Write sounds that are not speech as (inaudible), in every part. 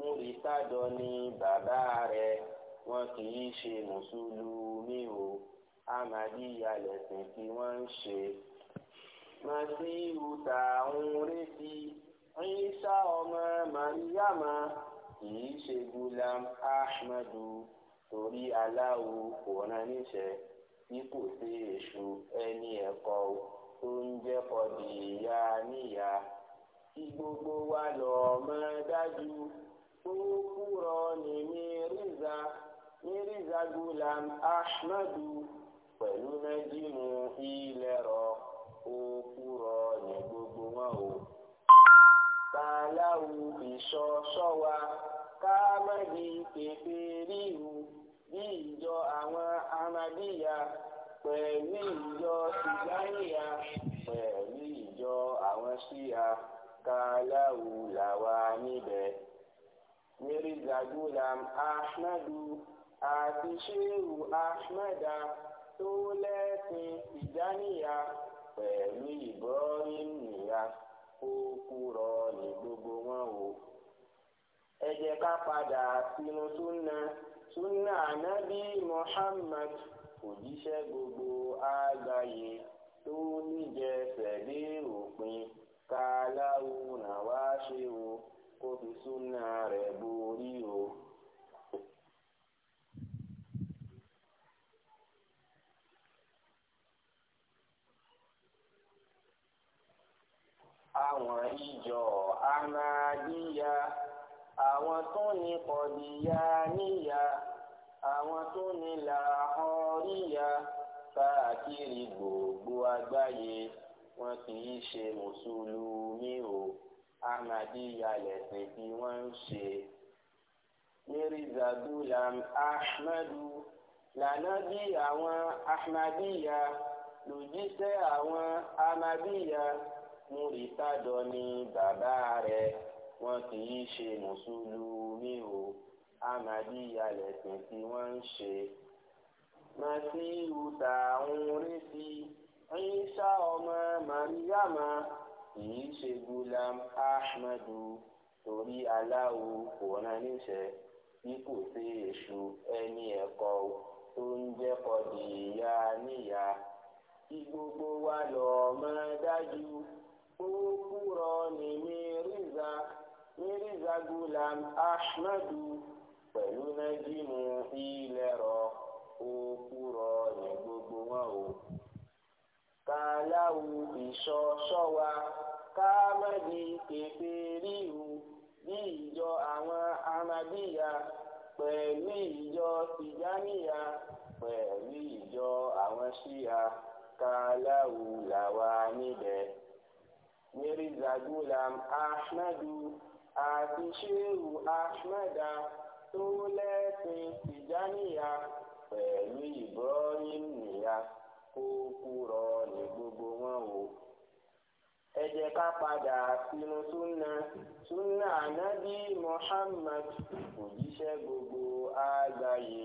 múri tádọ ni bàbá rẹ̀ wọn kì í ṣe mùsùlùmí o amadiya lẹ̀sìn tí wọ́n ń ṣe. masiru tá à ń retí Ìsá ọmọ mariama kì í ṣe gulam ahmadu torí aláwo kò rán níṣẹ́ tí kò sí èṣù ẹni ẹ̀kọ́ tó ń jẹ́ kọ́dìyà níyà kí gbogbo wa lọ mọ̀ dájú. kókúrọ́ọ̀nì Mírízà Mírízà Gulam Ahmadu pẹ̀lú nájímù ilẹ̀rọ nye gbogbo wọn o. Tàláwù ìṣọ́ ṣọ́wa káàmàdì pèpè ríru bí ìjọ àwọn amadíyà pẹ̀lú ìjọ tìjáníyà pẹ̀lú ìjọ àwọn ṣíyà kàláwù làwa níbẹ̀. mirza zagulam ahmadu àti shehu ahmeda tó lẹ́sìn ìjáníyà pẹ̀lú ibrahim nìyà kó kúrọ ní gbogbo wọn o. ẹ jẹ́ ká padà sínú súnà súnà ànábì muhammad òjíṣẹ́ gbogbo àgbáyé tó níjẹsẹ̀ dé òpin ká láwùrán wá ṣe o. ó fi súnà rẹ̀ borí o. àwọn ìjọ amadíyà àwọn tó ní kọdíyà níyà àwọn tó ní làhọríyà káàkiri gbogbo àgbáyé wọn kì í ṣe mùsùlùmí o. ahmadiyya lẹ̀sìn tí wọ́n ń ṣe. mirza gulam ahmadu lànábì àwọn ahmadiyya lòjíṣẹ́ àwọn ahmadiyya múritádọ ni bàbá rẹ̀ wọ́n kì í ṣe mùsùlùmí o ahmadiyya lẹ̀sìn Masiru ta ń ṣe. masihu tààrùn retí Ìsá ọmọ màríyàmá kìí ṣe gulam ahmadu torí aláwo kò rán níṣẹ́ bí kò sí èṣù ẹni ẹ̀kọ́ tó ń jẹ́ kọdìyà níyà kí gbogbo wa lọ mọ̀ dájú ó kúrọ ní mírízà mírízà gulam ahmadu pẹ̀lú nájímù ilẹ̀ rọ ó kúrọ ní gbogbo wọn o kàláwù ìṣọ́ ṣọ́wa ká má di pèpè ríru bí ìjọ àwọn amadíyà pẹ̀lú ìjọ tìjáníyà pẹ̀lú ìjọ àwọn ṣíyà kàláwù làwa níbẹ̀. mary zagulam Ahmadu àti Shehu Ahmada tó lẹ́sìn tìjáníyà pẹ̀lú Ibrahim nìyà. kúkúrọ ní gbogbo wọn o ẹ jẹ́ ká padà sínú súnà súnà ànábì Muhammad òjíṣẹ́ gbogbo àgbáyé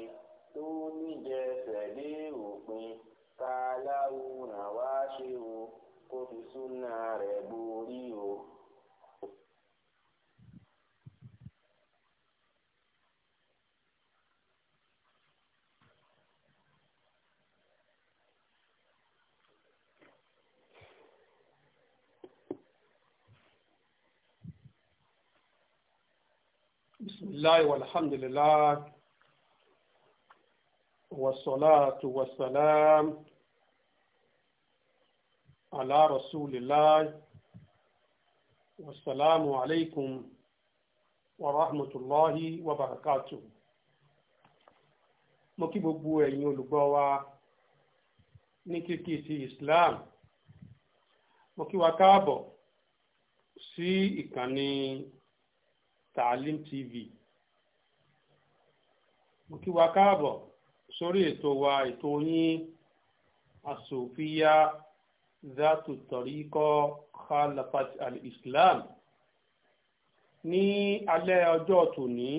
tó níjẹsẹ̀ dé òpin ká láwùrán wá ṣe o kó fi súnà rẹ̀ borí o. لله والحمد لله والصلاة والسلام على رسول الله والسلام عليكم ورحمة الله وبركاته mo kí gbogbo ẹ̀yin olùgbọ́ wa ní kíkí ti Islam mo kí wa káàbọ̀ sí ìkànnì Taalim TV mo kí wa káàbọ̀ sórí ètò wa ètò yín asòfíà zatu tọ̀ríkọ khalafat al-islam ní alẹ́ ọjọ́ tòní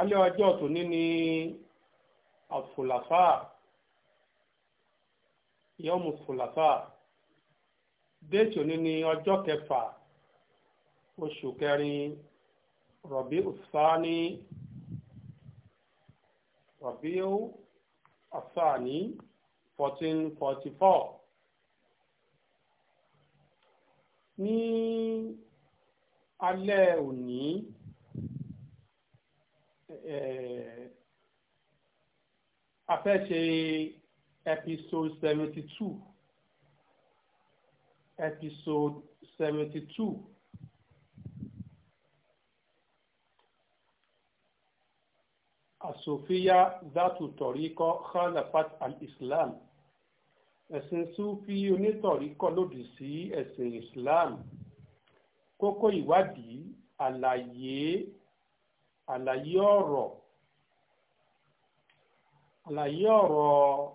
alẹ́ ọjọ́ tòní ni àfòlàfà yọmù fòlàfà déètì òní ni ọjọ́ kẹfà oṣù kẹrin rọ̀bí ọ̀sán ní rabiu asani fourteen forty four ní alẹ́ òní a fẹ́ ṣe episode seventy two episode seventy two. asòfíà dátù tọ̀ríkọ́ khalafat al-islam ẹ̀sìn súfì onítọ̀ríkọ́ lòdì sí ẹ̀sìn islam kókó ìwádìí àlàyé àlàyé ọ̀rọ̀ àlàyé ọ̀rọ̀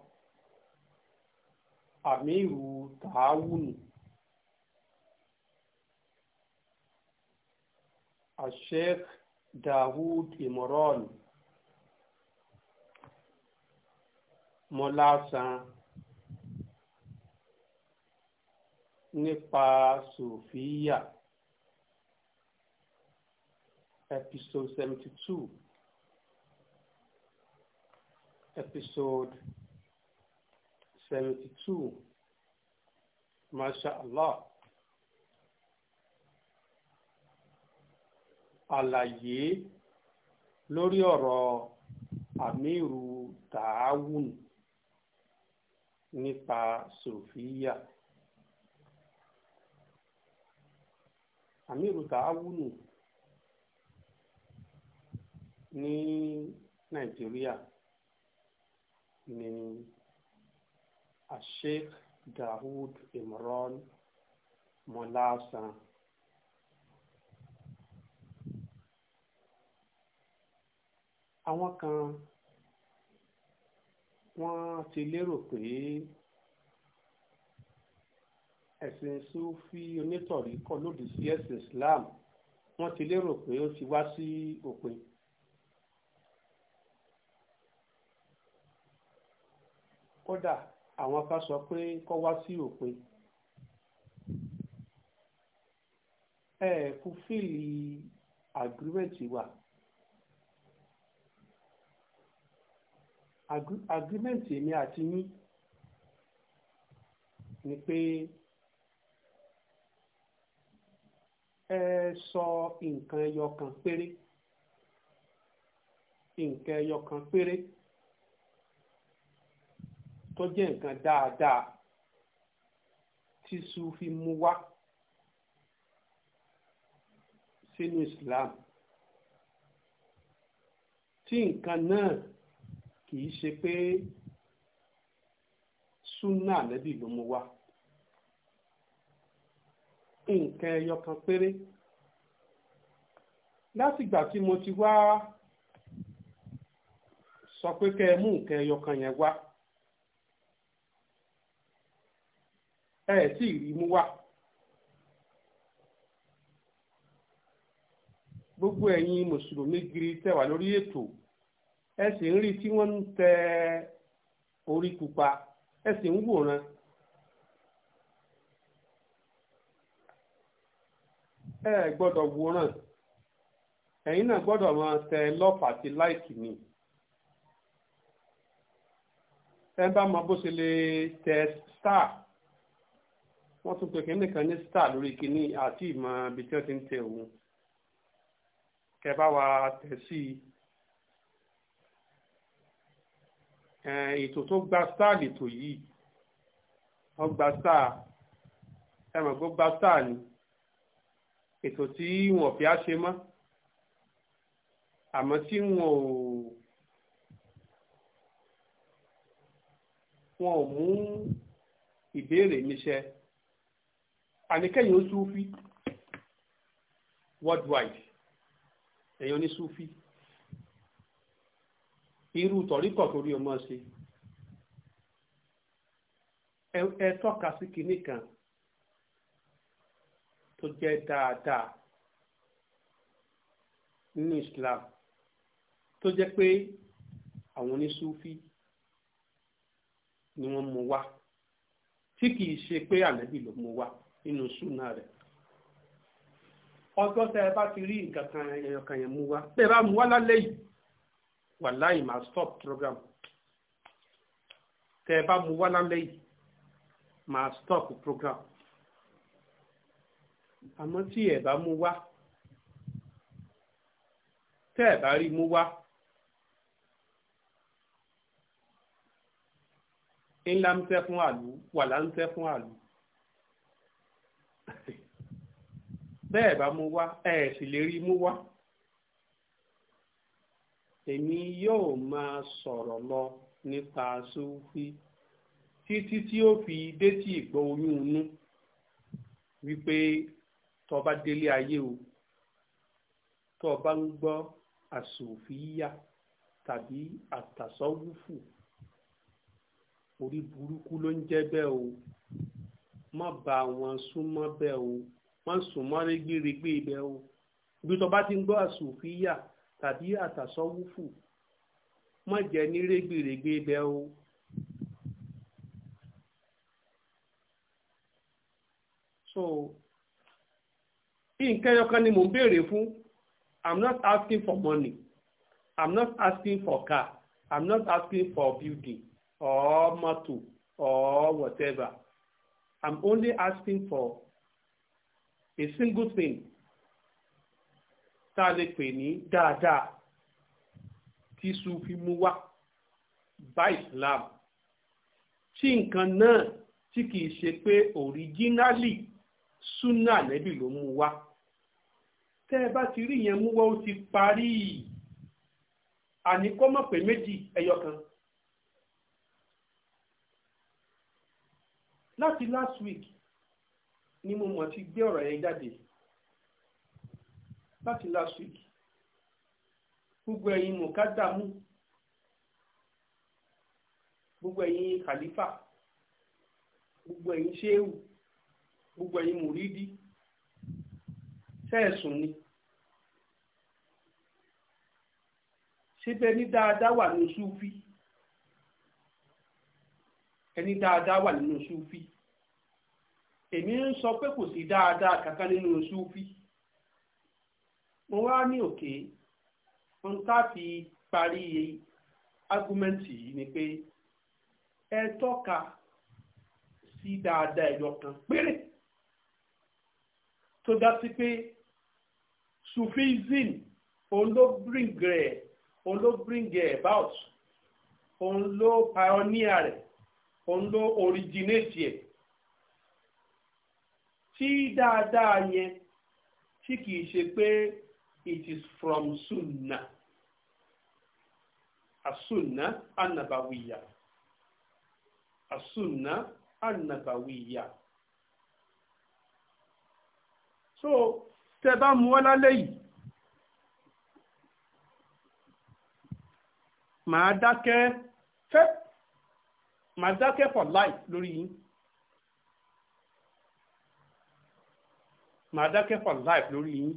àmírù tààwùnù àṣẹ́k dawud imoran mọ́láṣán nípa sòfíà episode seventy two episode seventy two masha allah àlàyé lórí ọ̀rọ̀ àmírù tààwùnù nípa sòfíà amiru taawunu ní nàìjíríà ní asheikh dawud imran mọlásan àwọn kan wọ́n ti lérò pé ẹ̀sìn sufi onítọ̀rí kọ́ lòdì sí ẹ̀sìn Islam wọ́n ti lérò pé ó ti wá sí òpin. kódà àwọn kan sọ pé kọ́ wá sí òpin. ẹ fulfil agreement wa. agreement èmi ati yín ni pe ẹ sọ nǹkan ẹyọ kan péré nǹkan ẹyọ kan péré tó jẹ́ nǹkan dáadáa tí sufi mú wá sínú Islam tí nǹkan náà. kìí í ṣe pé súnà ànábì ló mú wá nǹkan ẹyọ kan péré látìgbà tí mo ti wá sọ pé kẹ́ ẹ mú nǹkan ẹyọ kan yẹn wá ẹ ẹ̀ sì rí mú wá. gbogbo ẹ̀yin mùsùlùmí giri tẹwà lórí ètò ẹ sì ń rí tí wọ́n ń tẹ orí pupa ẹ sì ń wòran. ẹ gbọ́dọ̀ wòran ẹ̀yin náà gbọ́dọ̀ máa tẹ lọ́ọ̀pù àti láìkì ni ẹ bá mọ bó ṣe lè tẹ star wọ́n tún pè kínní kan ní star lórí kínní àti ìmọ̀ ibi tí wọ́n ti ń tẹ òun kẹ bá wa tẹ̀ sí i. ètò tó gba sáà lètò yìí wọ́n gba sáà ẹ mọ̀ pé gba sáà ni ètò tí wọ́n fi á ṣe mọ́ àmọ́ tí wọ́n ò wọn ò mú ìbéèrè mi ṣe àníkẹ́yìn ó súfí worldwide ẹ̀yìn onísúfí irú tọ̀ríkọ̀ torí ọmọ ṣe ẹ tọ́ka sí kinní kan tó jẹ́ dáadáa nínú Islam tó jẹ́ pé àwọn oníṣúfí ni wọ́n mú wá tí kìí ṣe pé ànábì ló mú wá nínú súnà rẹ̀ ọjọ́ tẹ́ ẹ bá ti rí nǹkan kan ẹ̀yọ̀kan wàláì máa stop program tẹ ẹ bá mu wá lálẹ́ yìí máa stop program àmọ́ tí ẹ bá mu wá tẹ ẹ bá rí mu wá ńlá ń tẹ́ fún àlù wàlá ń tẹ́ fún àlù (laughs) bẹ́ẹ̀ bá mu wá ẹ̀ sì lè rí mu wá èmi yóò máa sọ̀rọ̀ lọ nípa sùfí títí tí ó fi détí ìgbọ́ oyún inú wípé tó bá délé ayé o tó bá ń gbọ́ àsòfíyà tàbí àtàsọ́wúfù orí burúkú ló ń jẹ́ bẹ́ẹ̀ o má bá wọn súnmọ́ bẹ́ẹ̀ o má sùn mọ́ régbèrègbè bẹ́ẹ̀ o ibi tó ti ń gbọ́ àsòfíyà tàbí àtàsọ́wúfù mọ̀ jẹ́ ní rẹ́gbẹ̀rẹ́gbẹ́ bẹ́ẹ̀ o. so nǹkan ẹyọkan ni mò ń béèrè fún i'm not asking for money i'm not asking for car i'm not asking for building or motor or whatever i'm only asking for a single thing tá a lè pè ní dáadáa tí sufi mú wá bá Islam tí nǹkan náà tí kìí ṣe pé òríjínálì súnà nẹ́bì ló mú wá tẹ́ ẹ bá ti rí yẹn mú wá ó ti parí àní kó méjì ẹyọ kan. láti last week ni mo mọ̀ ti gbé ọ̀rọ̀ yẹn jáde láti last week gbogbo ẹ̀yin mọ̀kádàmú gbogbo ẹ̀yin kàlífà gbogbo ẹ̀yin ṣéwù gbogbo ẹ̀yin mùrídí sẹ́ẹ̀sùn ni síbẹ̀ ní dáadáa wà nínú súfì ẹni dáadáa wà nínú súfì èmi ń sọ pé kò sí dáadáa kankan nínú súfì mo wá ní òkè ohun tá a fi parí ágúmẹ́ǹtì yìí ni pé ẹ tọ́ka sí dáadáa ẹ̀yọ kan péré tó dá sí pé sufism òun ló about òun ló pioneer rẹ̀ òun ló originate ẹ̀ tí dáadáa yẹn tí kìí ṣe pé it is from sunnah as-sunnah an-nabawiyya as-sunnah an so tẹ bá mu wá lálẹ́ yìí màá dákẹ́ for life lórí yín màá dákẹ́ for life lórí yín.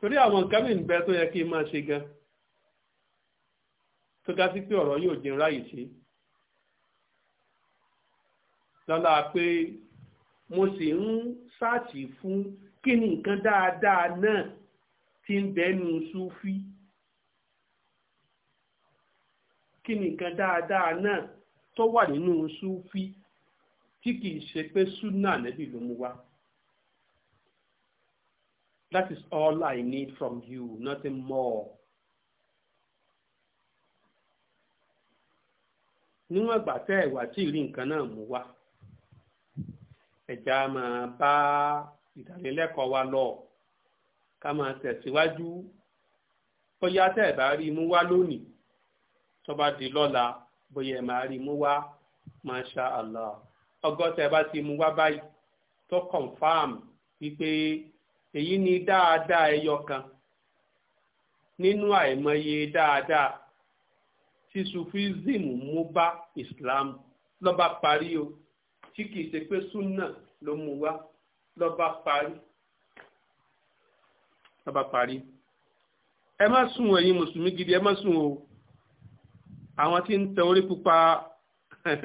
torí àwọn nǹkan mìíràn bẹ tó yẹ kí n máa ṣe gan tó dá sí pé ọ̀rọ̀ yóò dín ráyè ṣe lọ́la pé mo sì ń ṣáàtì fún kí ni nǹkan dáadáa náà ti ń bẹ́nu súfí kí ni nǹkan dáadáa náà tó wà nínú súfí tí kìí ṣe pé súnà nẹ́bì ló mú wá. That is all I need from you, nothing more. níwọ̀n ìgbà tẹ́ ẹ̀wà tí ìrí nǹkan náà mú wá ẹ̀já máa bá ìdánilẹ́kọ̀ọ́ wa lọ ká máa tẹ̀síwájú bóyá tẹ́ ẹ̀ bá rí mú wá lónìí tó di lọ́la bóyá ẹ̀ máa rí mú wá masha Allah ọgọ́tẹ̀ bá ti mú wá báyìí tó confam wípé èyí ni dáadáa ẹyọ kan nínú àìmọye dáadáa tí sufism mú bá islam lọ́ba parí o tí kìí ṣe pé súnà ló mú wá lọ́ba parí lọ́ba parí ẹ má sùn ẹ̀yin mùsùlùmí gidi ẹ má sùn o àwọn tí ń tẹ orí pupa (laughs)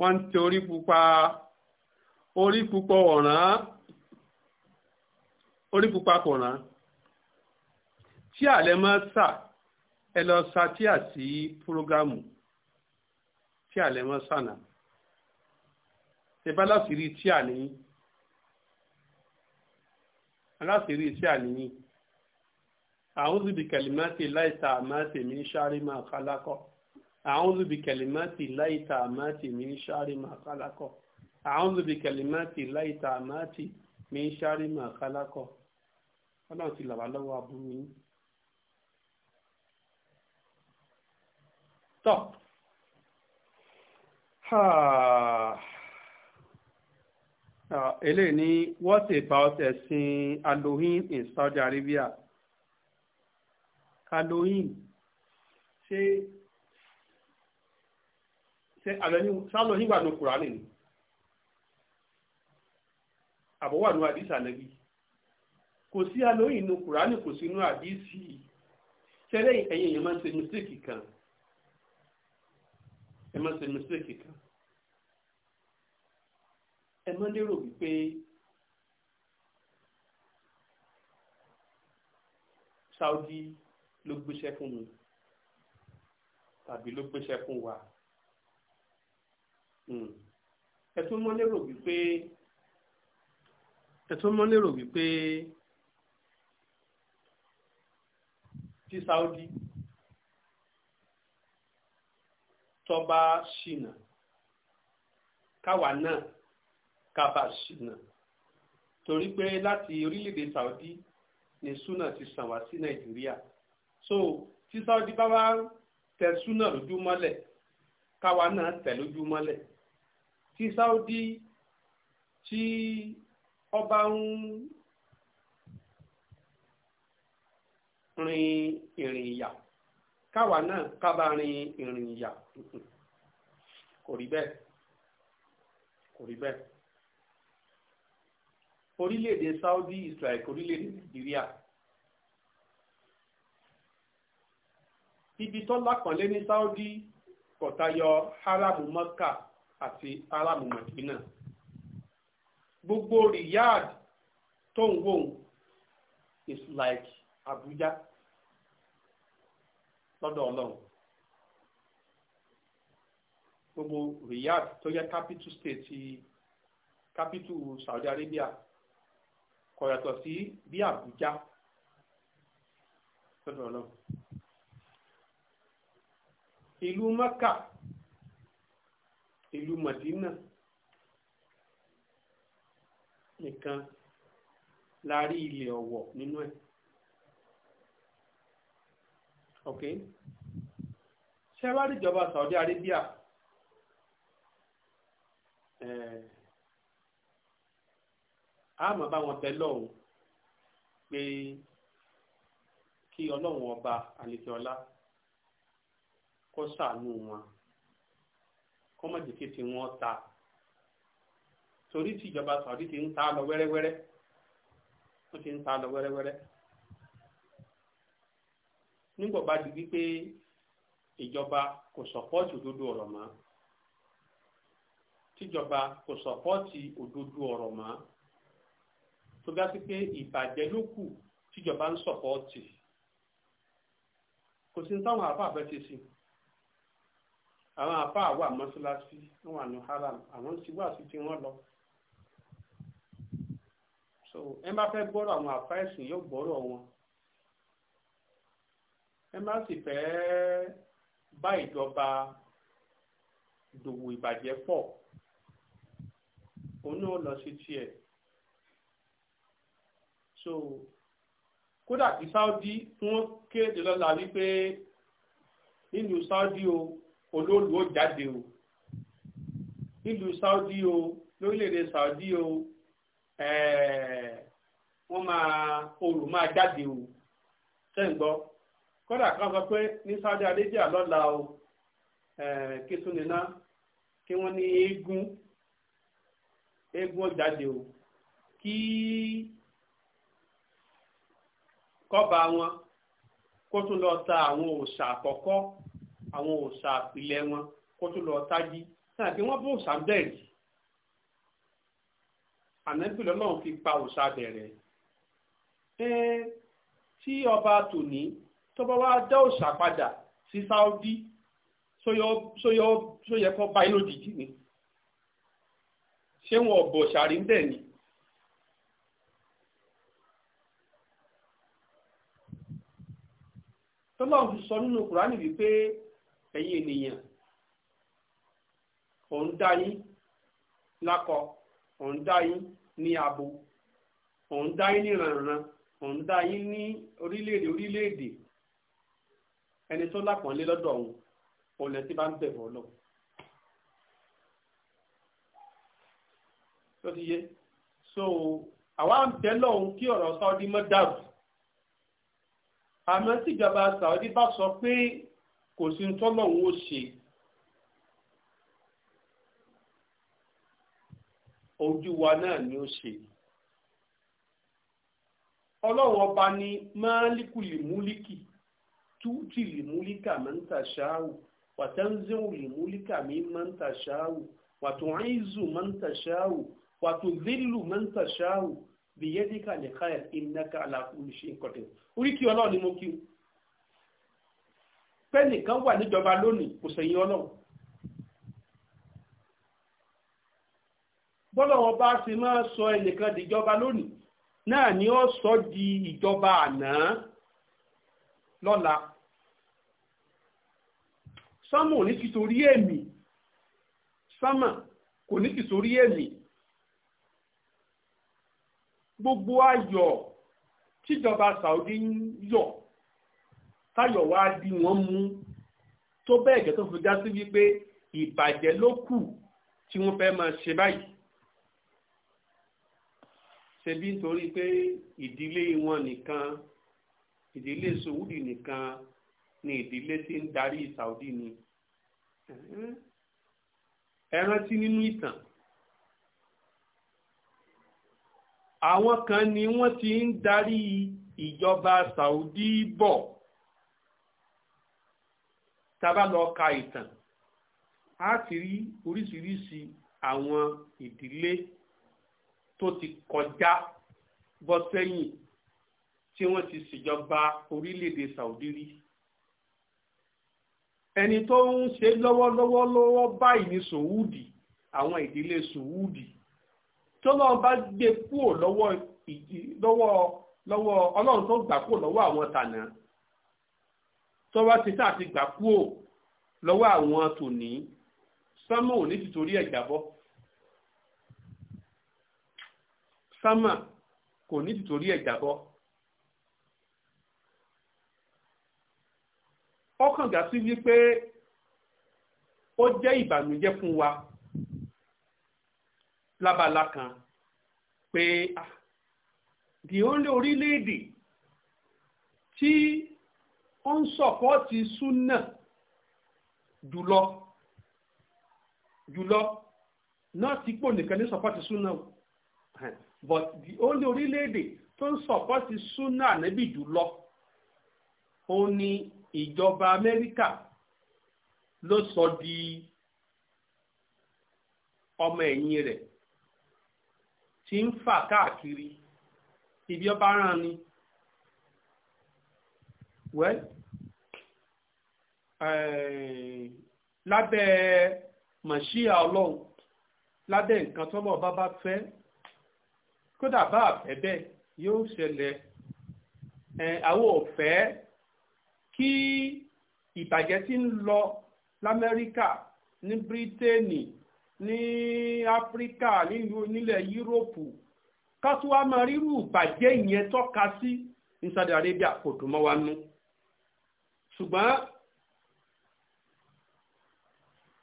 wọ́n ń tẹ orí pupa orí pupa ọ̀ràn orí pupa kò rán tí àlẹ́ máa sà ẹ lọ sa tí à sí prógámù tí àlẹ́ máa sànà ṣèbá láti rí tí à níyìn aláti rí tí à níyìn a'udhu bi kalimati llahi tammati min sharri ma khalaqa a'udhu bi kalimati llahi tammati min sharri ma khalaqa a'udhu bi kalimati llahi tammati min sharri ma khalaqa ọlọ́run ti là wá lọ́wọ́ aburú yín. tọ́ eléyìí ni what about ẹ̀sìn Halloween in Saudi Arabia Halloween ṣé ṣé Halloween wà ní Kùránì ni àbọ̀wà ní àdìsá lẹ́bí kò sí alóyìn inú kùránì kò sínú àdìsí tẹ́lẹ̀ ẹ̀yin èèyàn máa ń ṣe mistake kan ẹ máa ń ṣe mistake kan ẹ máa ń lérò wípé Saudi ló gbéṣẹ́ fún mi tàbí ló gbéṣẹ́ fún wa hmm. ẹ tún mọ́ lérò wípé ẹ tún mọ́ lérò wípé. sí Saudi tọ́ba ṣìnà káwa náà kábà ṣìnà torí pé láti orílẹ̀-èdè Saudi ni súnà ti sàn wá sí Nàìjíríà so tí Saudi bá wá tẹ súnà lójú mọ́lẹ̀ káwa náà tẹ lójú mọ́lẹ̀ tí Saudi tí ọba ń rin ìrìn ìyà káwa náà ká bá rin ìrìn ìyà kò rí bẹ́ẹ̀ kò rí bẹ́ẹ̀ orílẹ̀-èdè Saudi Israel kò orílẹ̀-èdè Nàìjíríà ibi tó lápọ̀nlé ní Saudi kò tayọ haramu Mọ́kà àti haramu Madina gbogbo Riyadh tó ń wò is like Abuja lọ́dọ̀ ọlọ́run gbogbo Riyadh tó yẹ capital state capital Saudi Arabia kò yàtọ̀ sí bí Àbújá lọ́dọ̀ ọlọ́run ìlú Mẹ́kà ìlú Mẹdínà nìkan la rí ọ̀wọ̀ nínú ẹ̀. ok ṣé e rí ìjọba Arabia eh, a máa bá wọn bẹ pé kí ọlọ́run ọba àlejòọlá kó ṣàánú wọn kó má jẹ́ kí ta torí tí ìjọba Saudi ti ń ta lọ wẹ́rẹ́wẹ́rẹ́ ti ń ta lọ wẹ́rẹ́wẹ́rẹ́ nígbà bá di wípé ìjọba kò sọpọ́ọ̀tì òdodo ọ̀rọ̀ mọ́ tíjọba kò sọpọ́ọ̀tì òdodo ọ̀rọ̀ mọ́ tó dá sí pé ìbàjẹ́ ló kù tíjọba ń sọpọ́ọ̀tì kò sí táwọn àbá àbẹ́ ti sìn àwọn àbá àwà mọ́ṣáláṣí wọn wà ní haram àwọn ti wá sí ti wọn lọ so ẹ bá fẹ́ gbọ́rọ̀ àwọn àfáìsìn yóò gbọ́rọ̀ wọn ẹ má sì fẹ́ bá ìjọba dòwò ìbàjẹ́ pọ̀ òun náà lọ sí tiẹ̀ so kódà kí Saudi wọ́n kéde lọ́la wípé nínú Saudi o olóòlù ó jáde o nílùú Saudi o lórílẹ̀‐èdè Saudi o ẹ̀ẹ́ wọ́n máa oòrùn máa jáde o ṣé ń gbọ́ kódà kan sọ pé ní sáré adéjà lọ́la o eh, kí tún ní ná kí wọ́n ní eégún eégún ọ̀jáde o kí kọ́ba wọn kó tún lọ ta àwọn òòṣà àkọ́kọ́ àwọn òòṣà àpilẹ̀ wọn kó tún lọ tají náà kí wọ́n bó òòṣà bẹ́ẹ̀ jì fi pa òòṣà bẹ̀rẹ̀ ẹ tí ọba tòní tó bá wá dá òòṣà padà sí Saudi sóyẹ kọ́ báyìí ni ṣé wọn ọ̀bọ̀ ṣàrí ń bẹ̀ ni. tọ́lọ́run fi sọ nínú Kùránì wípé ẹ̀yin ènìyàn òun dá yín lákọ òun dá yín ní abo òun dá yín ní òun dá yín ní orílẹ̀-èdè orílẹ̀-èdè ẹni tó lápọ̀nlé lọ́dọ̀ òun òun ẹtí bá ń bẹ̀ lọ. tó ti yé so àwa ń bẹ lọ́hùn kí ọ̀rọ̀ Saudi mọ́ dàrú àmọ́ tíjọba Saudi bá sọ pé kò sí ń tọ́lọ́hún ó ṣe ojú wa náà ni ó ṣe ọlọ́run ọba ni máàlíkùlì múlíkì tuti limulika man tashau wa tanziu limulika mimman tashau wa tu'izu man tashau wa tudhillu man tashau bi yadika li khair innaka ala kulli shay'in qadir oriki Ọlọ́run ni mo kí pé nìkan wà níjọba lónìí kò sẹ́yìn Ọlọ́run bọ́lọ̀ wọn bá ṣe máa sọ ẹnìkan dìjọba lónìí náà ni ó sọ di ìjọba àná lọ́la sánmà ò ní ti torí èmi sánmà kò ní ti torí èmi gbogbo ayọ̀ tíjọba Saudi ń yọ̀ táyọ̀ wá di wọ́n mú tó bẹ́ẹ̀ gẹ́ tó fi já sí wípé ìbàjẹ́ ló kù tí wọ́n fẹ́ máa ṣe báyìí ṣebí nítorí pé ìdílé wọn nìkan ìdílé Saudi nìkan ni ìdílé tí ń darí Saudi ni ẹ rántí nínú ìtàn àwọn kan ni wọ́n ti ń darí ìjọba Saudi bọ̀ tábà lọ ka ìtàn á ti rí oríṣiríṣi àwọn ìdílé tó ti kọjá bọ́ sẹ́yìn tí wọ́n ti ṣèjọba orílẹ̀-èdè Saudi rí ẹni tó ń ṣe lọ́wọ́lọ́wọ́ lọ́wọ́ báyìí ní sòwúdì àwọn ìdílé sòwúdì tó lọ́wọ́ bá gbé kúrò lọ́wọ́ lọ́wọ́ lọ́wọ́ ọlọ́run tó gbà kúrò lọ́wọ́ àwọn tànà tó wá ti tá àti gbà kúrò lọ́wọ́ àwọn tòní sánmà ò ní ti torí ẹ̀ jábọ́ sánmà kò ní ti torí ẹ̀ jábọ́. ó kàn gà sí wípé ó jẹ́ ìbànújẹ́ fún wa lábala kan pé ah, the only orílẹ̀-èdè tí ó ń sọ̀pọ́ọ̀tì súnà jùlọ jùlọ náà ti pò nìkan ní sọ̀pọ́ọ̀tì súnà but the only orílẹ̀-èdè tó ń sọ̀pọ́ọ̀tì súnà níbi jùlọ ó ní ìjọba amẹ́ríkà ló sọ di ọmọ ẹ̀yìn rẹ̀ tí ń fà káàkiri ibi ọba rán ni well eh, lábẹ́ mọ̀ṣíà ọlọ́run lábẹ́ nǹkan tọ́lọ́ ọba bá fẹ́ kódà bá àfẹ́ bẹ́ẹ̀ yóò ṣẹlẹ̀ eh, àwọn ò fẹ́ kí ìbàjẹ́ tí ń lọ lamẹ́ríkà ní bírítéènì ní áfíríkà nílẹ̀ yúróòpù ká tún wá máa rírú ìbàjẹ́ ìyẹn tọ́ka sí ní Saudi Arabia kò dùn mọ́ wa nú ṣùgbọ́n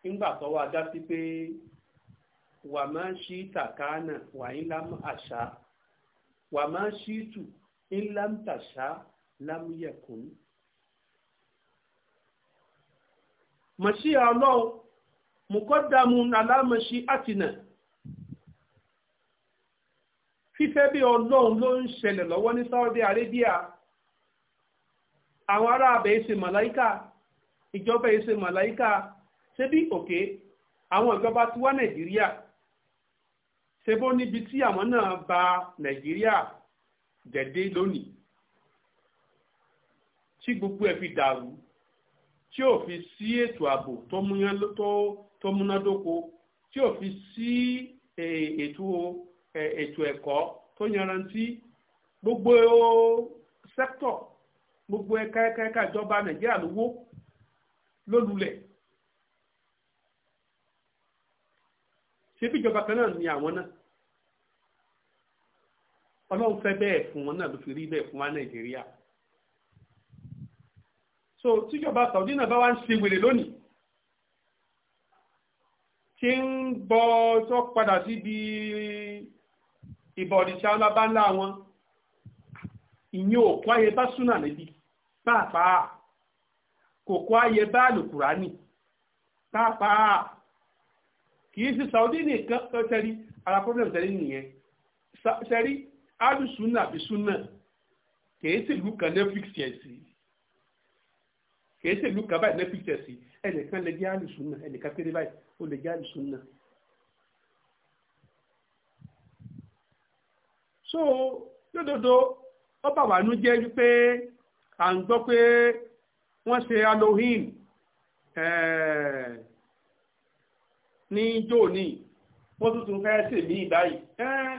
nígbà tó wá dá sí pé wà máa ń ṣí tàkánà wà ń lámú àṣà wà máa ṣí tù ń lámú tàṣà lámú yẹ̀kùn mọ̀ṣíà ọlọ́run mùkọ́dàmù nàlámọ̀ṣí àtìnà fífẹ́ bí ọlọ́run ló ń ṣẹlẹ̀ lọ́wọ́ ní Saudi Arabia àwọn ará abẹ́ ìṣe màláíkà ìjọba ìṣe màláíkà ṣé bí òkè àwọn ìjọba ti wá Nàìjíríà ṣe bó níbi tí àwọn náà ba Nàìjíríà dẹ̀dé lónìí tí gbogbo ẹ̀ fi dàrú tí ò fi sí ètò ààbò tó múnádóko tí ò fi sí ètò ẹ̀kọ́ tó yanrantí gbogbo sẹ́kítọ̀ gbogbo ẹ̀ka ẹ̀ka ẹ̀ka ìjọba nàìjíríà ló wó lólulẹ̀ ṣébí ìjọba kan náà ni àwọn náà ọlọ́run fẹ́ bẹ́ẹ̀ fún wọn náà ló fi rí bẹ́ẹ̀ fún wa nàìjíríà so tíjọba saudi náà bá wá ń ṣe wèrè lónìí tí ń bọ tó padà síbi ìbọ̀dìṣà lábánlá wọn ìyẹn ò kó ayé bá súnà níbi pàápàá kò kó ayé bá àlùkùránì pàápàá kì í sí saudi nìkan tẹ́rí ara problem tẹ́rí nìyẹn tẹ́rí alùsùnà àbí súnà kì í sì lù kan netflix yẹn sí i kìí ṣe ìlú kan báyìí pìtẹ̀ sí ẹnìkan lè jẹ́ àlùsùnà ẹnìkan péré báyìí ó lè jẹ́ àlùsùnà. so lódodo ọba wàánú jẹ́ wípé à ń gbọ́ pé wọ́n ṣe Halloween eh, ní jóòní wọ́n tuntun fẹ́ ṣe mí báyìí eh,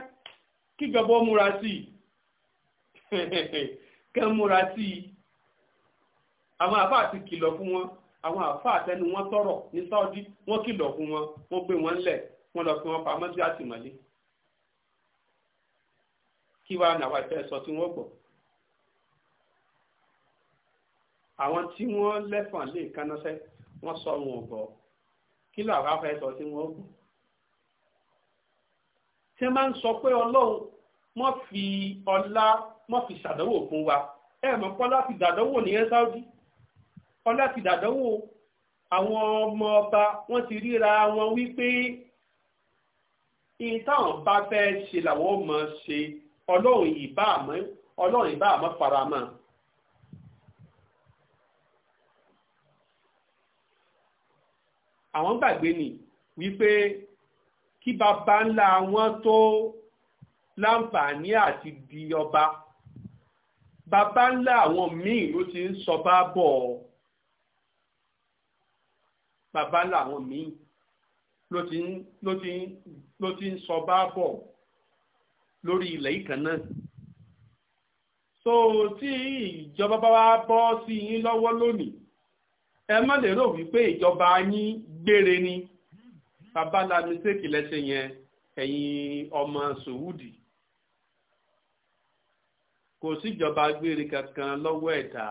kí gbogbo múra sí i (laughs) kẹ́ múra sí i àwọn àfáà ti kìlọ̀ fún wọn àwọn àfáà tẹnu wọn tọrọ ní Saudi wọn kìlọ̀ fún wọn wọn gbé wọn lẹ̀ wọn lọ fi wọn pamọ́ sí àtìmọ́lé kí wàá nàwa ìfẹ́ sọ tí wọ́n gbọ́ àwọn tí wọ́n lẹ́fọ̀n lè kánnáṣẹ́ wọ́n sọ wọn ò gbọ́ kí làwọn afẹ́ sọ tí wọ́n gbọ́ tí wọ́n máa ń sọ pé ọlọ́run mọ́ fi ọlá mọ́ fi ṣàdánwò fún wa ẹ mọ̀ kọ́lá fi dàdánwò ní ẹ́ sáúdí ọlá ti dàdánwò àwọn ọmọ ọba wọ́n ti ríra wọn wípé ìtàn bá fẹ́ ṣe làwọn ọmọ ṣe ọlọ́run ìbá àmọ́ ọlọ́run ìbá àmọ́ faramọ́. àwọn gbàgbé ni wípé kí bàbá ńlá wọn tó láǹfààní àti di ọba bàbá ńlá àwọn míì ló ti ń sọ bá bọ̀ ọ́ bàbá làwọn míì ló ti ń ló ti ń ló ti ń sọ báàbọ̀ lórí ilẹ̀ ìkan náà so tí ìjọba bá wá bọ́ sí yín lọ́wọ́ lónìí ẹ má lè rò wípé ìjọba yín gbére ni bàbá la mistake lẹ́sẹ̀ yẹn ẹ̀yin ọmọ sòwúdì kò síjọba gbére kankan lọ́wọ́ ẹ̀dá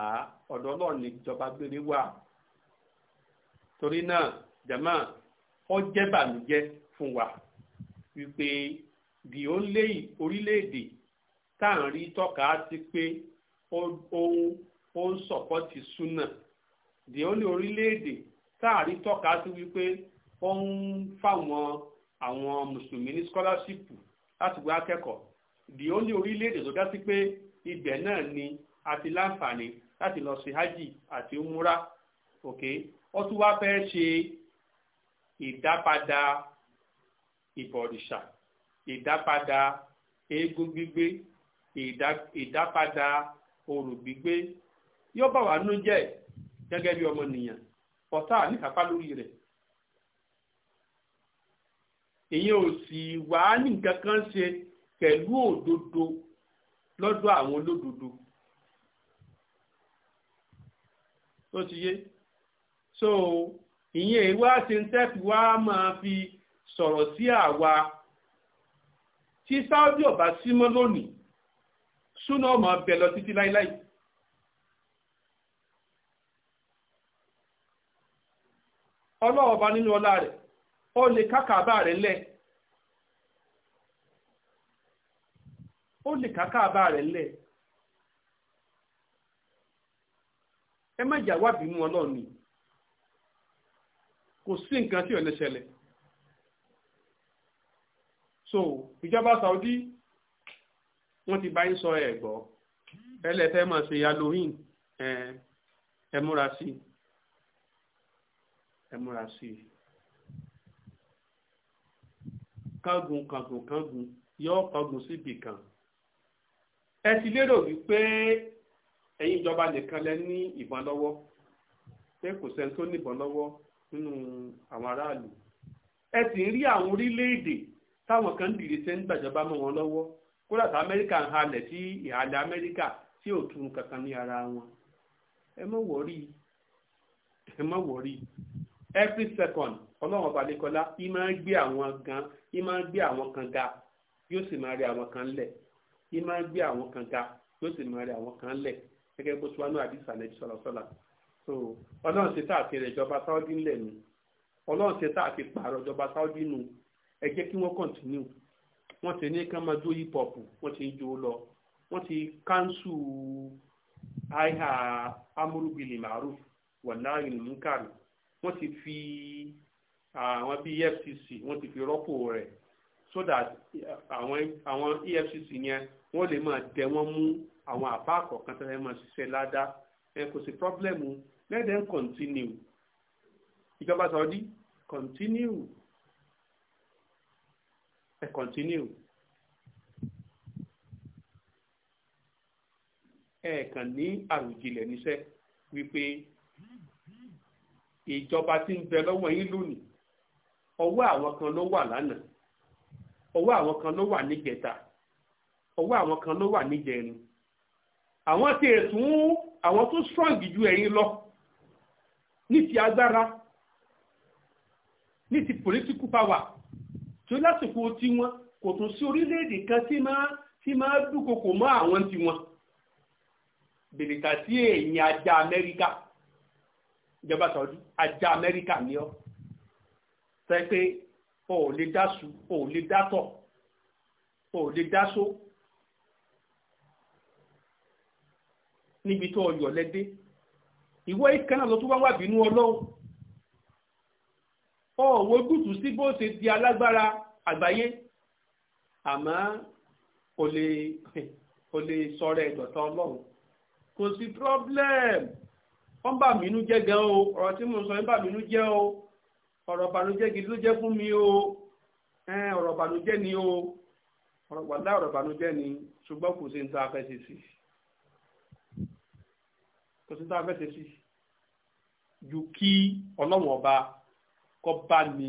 ọ̀dọ̀ Ọlọ́run gbére wà torí náà jama ó jẹ́ bàmíjẹ́ fún wa wípé the only orílẹ̀-èdè tá à ń rí tọ́ka sí pé ó ń sọ̀pọ́tì súnà the only orílẹ̀-èdè tá à rí tọ́ka sí wípé ó ń fáwọn àwọn mùsùlùmí ní scholarship láti gba akẹ́kọ̀ọ́ the only orílẹ̀-èdè tó dá sí pé ibẹ̀ náà ni a ti láǹfààní láti lọ sí hajj àti umura okay ó tún wá fẹ́ ṣe ìdápadà ìbọ̀rìṣà ìdápadà eégún gbígbé ìdápadà òrò gbígbé yóò bà wá nínú jẹ́ gẹ́gẹ́ bí ọmọnìyàn ọ̀tá níkàpá lórí rẹ̀ èyí ò sì wá ní nǹkan kan ṣe pẹ̀lú òdodo lọ́dọ̀ àwọn olódodo tó ti yé. so ìyẹn èyí wá wa máa fi sọ̀rọ̀ sí àwa tí sáúdí ọ̀bá símọ́ lónìí súná ọmọ bẹ̀ lọ títí láíláí. ọlọ́ọ̀ba nínú ọlá rẹ̀ ó lè kákàbá rẹ̀ lẹ̀ ẹ má jà wá ọlọ́ọ̀ni. kò sí nǹkan tí ò ṣẹlẹ̀ so ìjọba Saudi wọ́n ti bá yín sọ ẹ̀ gbọ́ ẹlẹ́fẹ́ máa ṣe halloween ẹ múra sí ẹ múra sí kángun kángun kángun yóò kángun síbì kan ẹ ti lérò wípé ẹ̀yin ìjọba nìkan lẹ ní ìbọn lọ́wọ́ pé kò sẹ́ni tó ní ìbọn lọ́wọ́ nínú àwọn aráàlú ẹ sì ń rí àwọn orílẹ̀-èdè táwọn kan dìde sẹ́ ń gbàjọba mọ́ wọn lọ́wọ́ kódà tá amẹ́ríkà ń halẹ̀ sí ìhàlẹ̀ amẹ́ríkà tí ò tún kankan ní ara wọn ẹ má wọ̀rí ẹ má wọ̀rí every second ọlọ́run ọba lẹ́kọ́lá í máa ń gbé àwọn gan í máa ń gbé àwọn kan ga yóò sì máa rí àwọn kan lẹ̀ í máa ń gbé àwọn kan ga yóò sì máa rí àwọn kan lẹ̀ gẹ́gẹ́ bó ti wá ní àdìsá lẹ́bí sọ̀rọ̀ sọ̀rọ̀ so ọlọ́run ṣe tá àti rẹ̀ ìjọba sáúdí ńlẹ̀ ni ọlọ́run ṣe tá àti pààrọ̀ ìjọba sáúdí nù ẹ jẹ́ kí wọ́n kọ̀ntínú wọ́n ti ní kán máa jó hip hop wọ́n ti ń jó lọ wọ́n ti kánṣu àìhà amúrúbìlì màrú wọ̀nàrin mùkàrí wọ́n ti fi àwọn bíi EFCC wọ́n ti fi rọ́pò rẹ̀ so that àwọn EFCC yẹn wọ́n lè máa dẹ wọ́n mú àwọn àbá àkọ́kàn tó máa ṣiṣẹ́ ládàá ẹ kò sí pọ́blẹ́mù let them continue ìjọba Saudi continue ẹ continue ẹ kàn ní àròjinlẹ̀ níṣẹ́ wípé ìjọba tí ń bẹ lọ́wọ́ yín lónìí ọwọ́ àwọn kan ló wà lánàá ọwọ́ àwọn kan ló wà níjẹta ọwọ́ àwọn kan ló wà níjẹrin àwọn tí ètùn àwọn tó strong ju ẹ̀yin lọ ní ti agbára ní ti political power tó lásìkò tiwọn kò tún sí orílẹ̀-èdè kan tí máa tí máa dúnkokò mọ́ àwọn tiwọn bèrè kà sí èyìn ajá Amẹ́ríkà ìjọba sọ̀rọ̀ ajá Amẹ́ríkà ni ọ́ sọ pé o ò lè dá ò lè dátọ̀ ò lè dá níbi tó ọyọ̀ lẹ́dẹ́ ìwọ ìkan náà ló tún wá wà bínú ọlọ́run ọ̀wọ́ gùtù sí bó ṣe di alágbára àgbáyé àmọ́ o lè o lè sọ̀rọ̀ ẹ̀dọ̀tọ̀ ọlọ́run kò sí problem wọ́n bà mí nú jẹ́ gan o ọ̀rọ̀ tí mo sọ ń bà mí nú jẹ́ o ọ̀rọ̀ bànújẹ́ gidi ló jẹ́ fún mi o ọ̀rọ̀ bànújẹ́ ni o ọ̀rọ̀ wàlá ọ̀rọ̀ bànújẹ́ ni ṣùgbọ́n kò sí ní ta kò sí táwọn fẹsẹ̀ sí ju kí ọlọ́wọ́n ọba kọ́ bá mi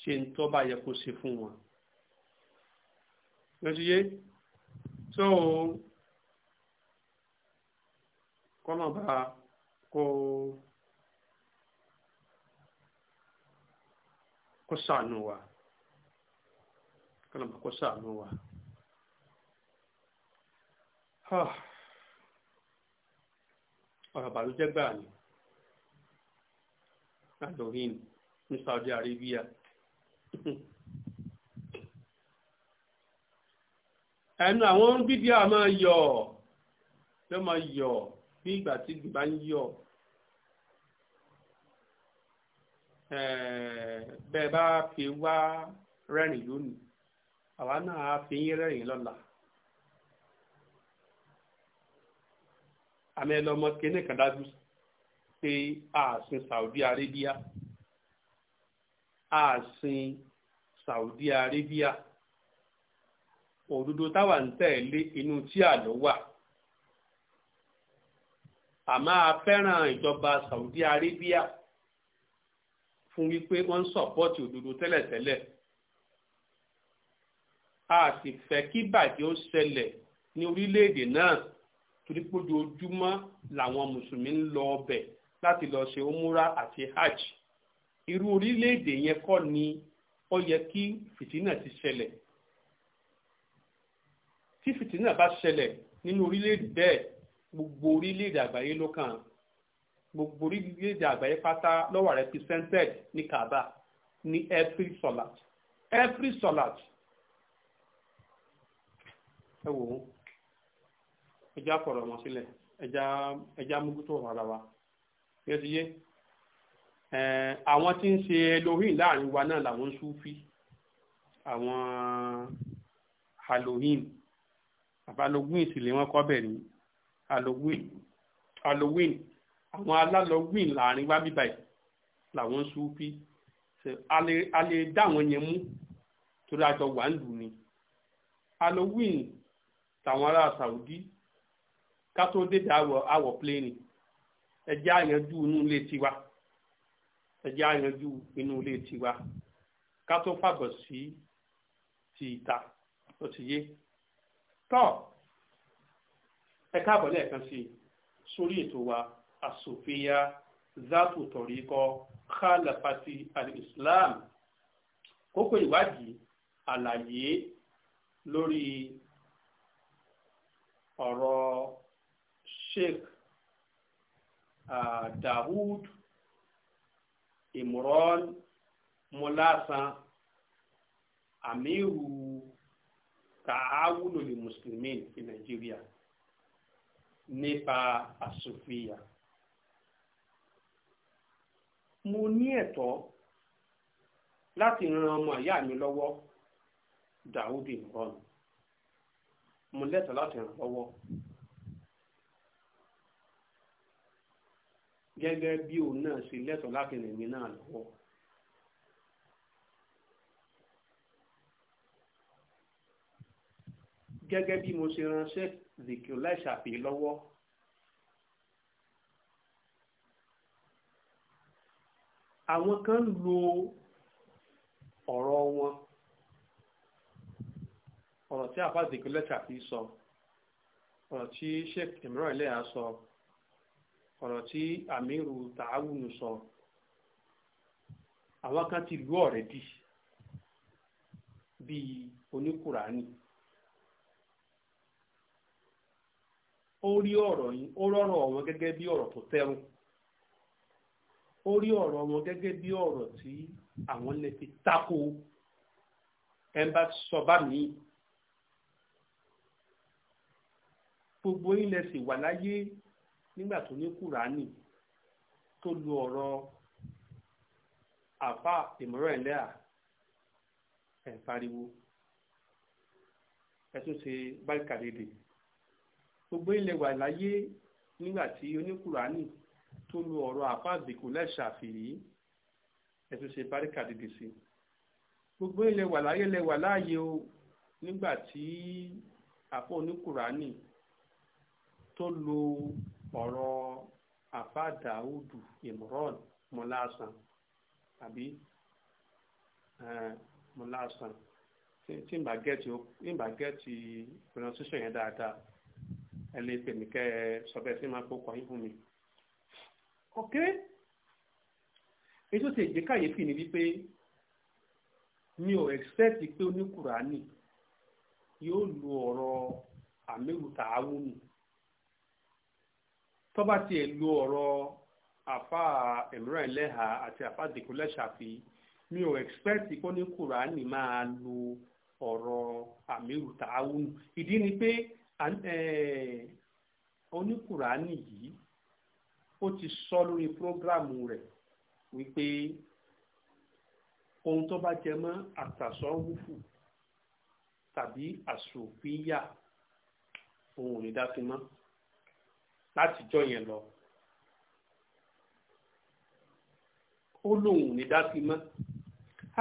ṣe ń tọ́ bá yẹ kó ṣe fún wọn. lọ́síyé tó kọ́nà bá kó kó ṣàánú wa kọ́nà bá kó ṣàánú wa. Huh. Ah ọ̀rọ̀ bàlújẹ́ gbà ní adohin ní Saudi Arabia ẹnu àwọn bíbí a máa yọ yọ máa yọ bí ìgbà tí ìgbì bá ń yọ bẹ́ẹ̀ bá fi wá rẹ́rìn lónìí àwa náà á fi yín rẹ́rìn lọ́la. àmì ẹlọmọ kéne kan dájú pé ààsìn Saudi Arabia ààsìn Saudi Arabia òdodo táwa ń tẹ̀lé inú tíà ló wà àmọ́ a ìjọba Saudi Arabia fún wípé wọ́n ń sọ̀pọ́tì òdodo tẹ́lẹ̀tẹ́lẹ̀ a sì fẹ́ kí bàjẹ́ ó ṣẹlẹ̀ ní orílẹ̀-èdè náà torí pé ojoojúmọ́ làwọn mùsùlùmí ń lọ ọbẹ̀ láti lọ ṣe umura àti hajj irú orílẹ̀-èdè yẹn kọ́ ni ó yẹ kí fìtínà ti ṣẹlẹ̀ tí fìtínà bá ṣẹlẹ̀ nínú orílẹ̀-èdè bẹ́ẹ̀ gbogbo orílẹ̀-èdè àgbáyé ló kàn gbogbo orílẹ̀-èdè àgbáyé pátá ló wà represented ní Kaaba ní every solat every solat ẹ wò ó ẹja kọ̀rọ̀ wọn sílẹ̀ ẹja ẹja mugutu ọ̀rọ̀ wa yẹ ti yé àwọn tí ń ṣe Elohim láàrin wa náà làwọn Sufi àwọn Halloween àbálogún ìsìlẹ̀ wọn kọ́ bẹ̀ ní Halloween Halloween àwọn alálọ́gbìn láàrin wa bíbá yìí làwọn Sufi a lè dá àwọn yẹn mú torí àjọ wà ń lù ní Halloween tàwọn ará Saudi ká tó dédé àwọ̀ àwọ̀ pléènì ẹjẹ́ àyànjú inú ilé tiwa ẹjẹ́ àyànjú inú ilé tiwa ká tó sí ti ìta ó ti yé tọ́ ẹ káàbọ̀ lẹ́ẹ̀kan sí sórí ètò wa àsòfíà zátù tọ̀ríkọ khalafati al-islam kókó ìwádìí àlàyé lórí ọ̀rọ̀ sheikh uh, dawud Imron, mulasan amiru taawulo li muslimin ní nàìjíríà nípa àsòfìyà mo ní ẹ̀tọ́ láti ran ọmọ ìyá mi lọ́wọ́ dawud imran mo lẹ́tọ̀ọ́ láti ràn lọ́wọ́. gẹ́gẹ́ bí òun náà ṣe lẹ́tọ̀ọ́ láti rìn mí náà lọ́wọ́. gẹ́gẹ́ bí mo ṣe ránṣẹ́ zèkì láìṣàpè lọ́wọ́. àwọn kan lo ọ̀rọ̀ wọn ọ̀rọ̀ tí àfáà zèkì láìṣàpè sọ ọ̀rọ̀ tí sheikh imran ilé à sọ. So ọ̀rọ̀ tí àmírù tààwùnù sọ àwọn kan ti lú ọ̀rẹ́ dì bíi oníkùránì ó rí ọ̀rọ̀ yìí ó wọn gẹ́gẹ́ bí ọ̀rọ̀ tó tẹ́rùn ó rí ọ̀rọ̀ wọn gẹ́gẹ́ bí ọ̀rọ̀ tí àwọn lè fi tako ẹnba sọba mi gbogbo yín sì wà láyé nígbà tó ní kùránì tó lu ọ̀rọ̀ àfa ìmọ̀ràn ẹ̀lẹ́à ẹ̀ pariwo ẹ̀ tún ṣe báríkàdédè gbogbo ilẹ̀ wà láyé nígbà tí oníkùránì tó lu ọ̀rọ̀ àfa àbìkù lẹ́ṣàfìrí ẹ̀ tún ṣe báríkàdédè sí gbogbo ilẹ̀ wà láyé lẹ̀ wà láàyè o nígbà tí àfa oníkùránì tó lu ọ̀rọ̀ àfà dàúdù imran mọ́láṣán àbí mọ́láṣán tí n bá gẹ́ẹ̀tì n bá gẹ́ẹ̀tì pronunciation yẹn dáadáa ẹ lè pè mí kẹ́ ẹ sọ bẹ́ẹ̀ sí máa kó kọ́ yín fún mi. ok èyí ti èjì kàyéfì ni wípé mi ò expect pé oníkùránì yóò lu ọ̀rọ̀ àmẹ́wùtà áwùmí tó bá tiẹ̀ lo ọ̀rọ̀ àfa Imran Eleha àti àfa Dhikrullah Shafi mi ò expect kó ní kùránì máa lo ọ̀rọ̀ àmírù tààwùn ìdí ni pé oníkùránì yìí ó ti sọ lórí prógrámù rẹ̀ wípé ohun tó bá jẹ mọ́ àtàsọ́wùfù tàbí àsòfíyà òun ò láti jọ yẹn lọ ó lóun ò ní dá sí mọ́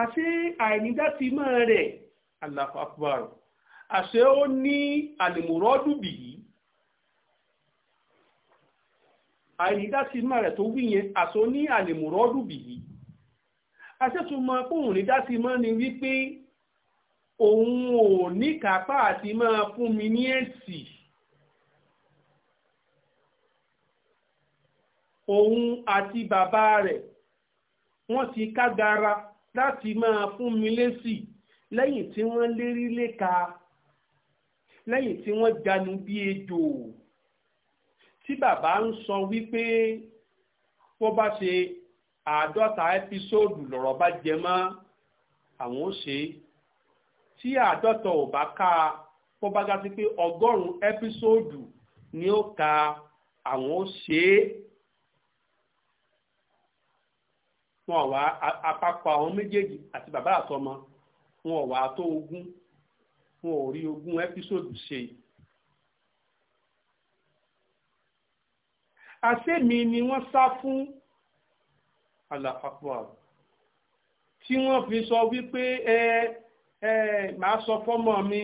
àṣé àìní dá sí mọ́ rẹ̀ Allahu Akbar àṣé ó ní àlèmọ̀rọ́dún bìí àìrídásí máa rẹ̀ tó wí yẹn àṣọ ní àlèmùrọ́dù bìí aṣẹ́tùmọ̀ fóun rídásí mọ́ ni wípé òun ò ní kápá àti máa fún mi ní èsì òun àti bàbá rẹ̀ wọ́n ti kágara láti máa fún mi lésì lẹ́yìn tí wọ́n lérí léka lẹ́yìn tí wọ́n janu bí ejò tí bàbá ń sọ wípé bó bá ṣe àádọ́ta ẹ́písóòdù lọ́rọ̀ bá jẹ mọ́ àwọn ó ṣe tí àádọ́ta ò bá ká bó bá ga sí pé ọgọ́rùn-ún ẹ́písóòdù ni ó ka àwọn ó ṣe é. wọn wà apapọ àwọn méjèèjì àti bàbá àtọmọ wọn wà tó ogún wọn ò rí ogún ẹ́písòdù ṣe. àṣẹ́mi ni wọ́n sá fún àlàpapọ̀ tí wọ́n fi sọ wípé ẹ ẹ màá sọ fọ́mọ mi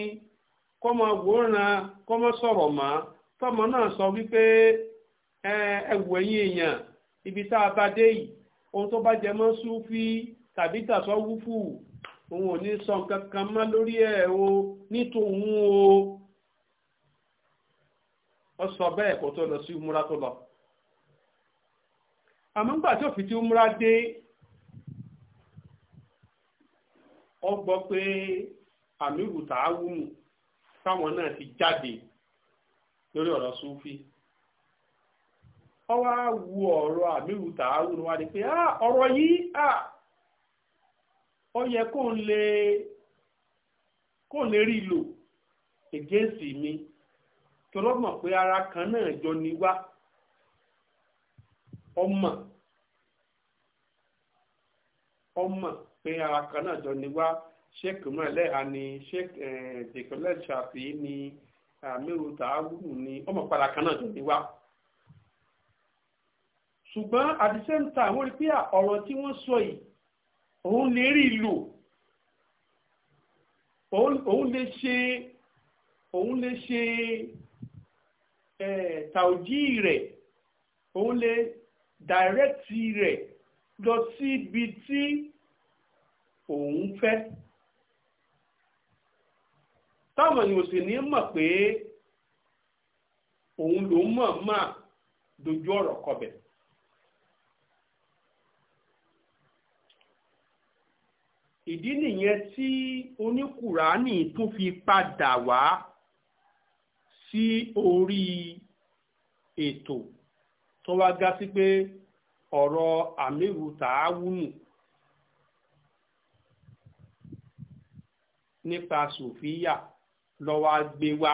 kọ́mọ wòran kọ́mọ sọ̀rọ̀ mọ́ tọ́mọ náà sọ wípé ẹ ẹ wò èèyàn ibi tá a bá dé ohun tó bá jẹ mọ́ súfì tàbí tàṣọ́wúfù òun ò ní sọ nǹkan kan mọ́ lórí ẹ̀ o nítòun o ó sọ bẹ́ẹ̀ kó tó lọ sí umra tó lọ àmọ́ nígbà tí òfin tí umra dé ó gbọ́ pé àmì ìwùtà áwùmù táwọn náà ti jáde lórí ọ̀rọ̀ súfì. So ọwọ́ á wu ọ̀rọ̀ àmìrù tààrù ni wá ní pé ah, ọ̀rọ̀ yìí ah, yẹ kó n lè rí lò mi tọlọ́mọ̀ pé ara kan náà jọ ni wá ọmọ ọmọ pé ara kan náà jọ ni wá sheik mọ́lẹ́ àní sheik dèkọ́lẹ́ ṣàfihàn ní tààrù ni ọmọ eh, padà kan náà jọ ṣùgbọ́n at the same time wọ́n rí pé ọ̀rọ̀ tí wọ́n sọ yìí òun lè rí lò òun lè ṣe òun lè ṣe tàòjì rẹ̀ òun lè dàrẹ́tì rẹ̀ lọ sí ibi tí òun fẹ́ táwọn èèyàn sì ní mọ̀ pé òun ló mọ̀ máa dojú ọ̀rọ̀ kọbẹ̀. ìdí nìyẹn tí oníkùránì tún fi padà wá sí orí ètò tó wá ga sí pé ọ̀rọ̀ àmírù tààwùnù nípa sòfíà lọ́wọ́ gbé wá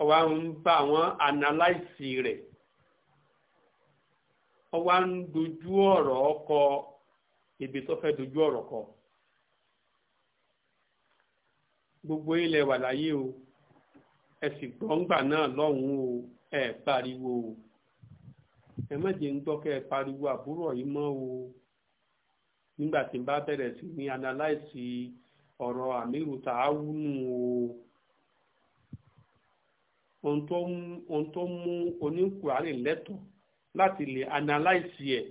ọwá ń bá wọn analyse rẹ̀ ọwá ń dojú ọ̀rọ̀ ọkọ̀ ibi tó fẹ́ dojú ọ̀rọ̀ kọ gbogbo ilẹ̀ wà láyé o ẹ sì gbọ́ngbà náà lọ́hùn-ún o ẹ pariwo o ẹ má ń gbọ́ kẹ́ ẹ pariwo àbúrò yìí mọ́ o nígbà tí n bá bẹ̀rẹ̀ sí ní analyze ọ̀rọ̀ àmírù tààwùnù o ohun tó mú oníkùránì lẹ́tọ̀ọ́ láti lè analyze ẹ̀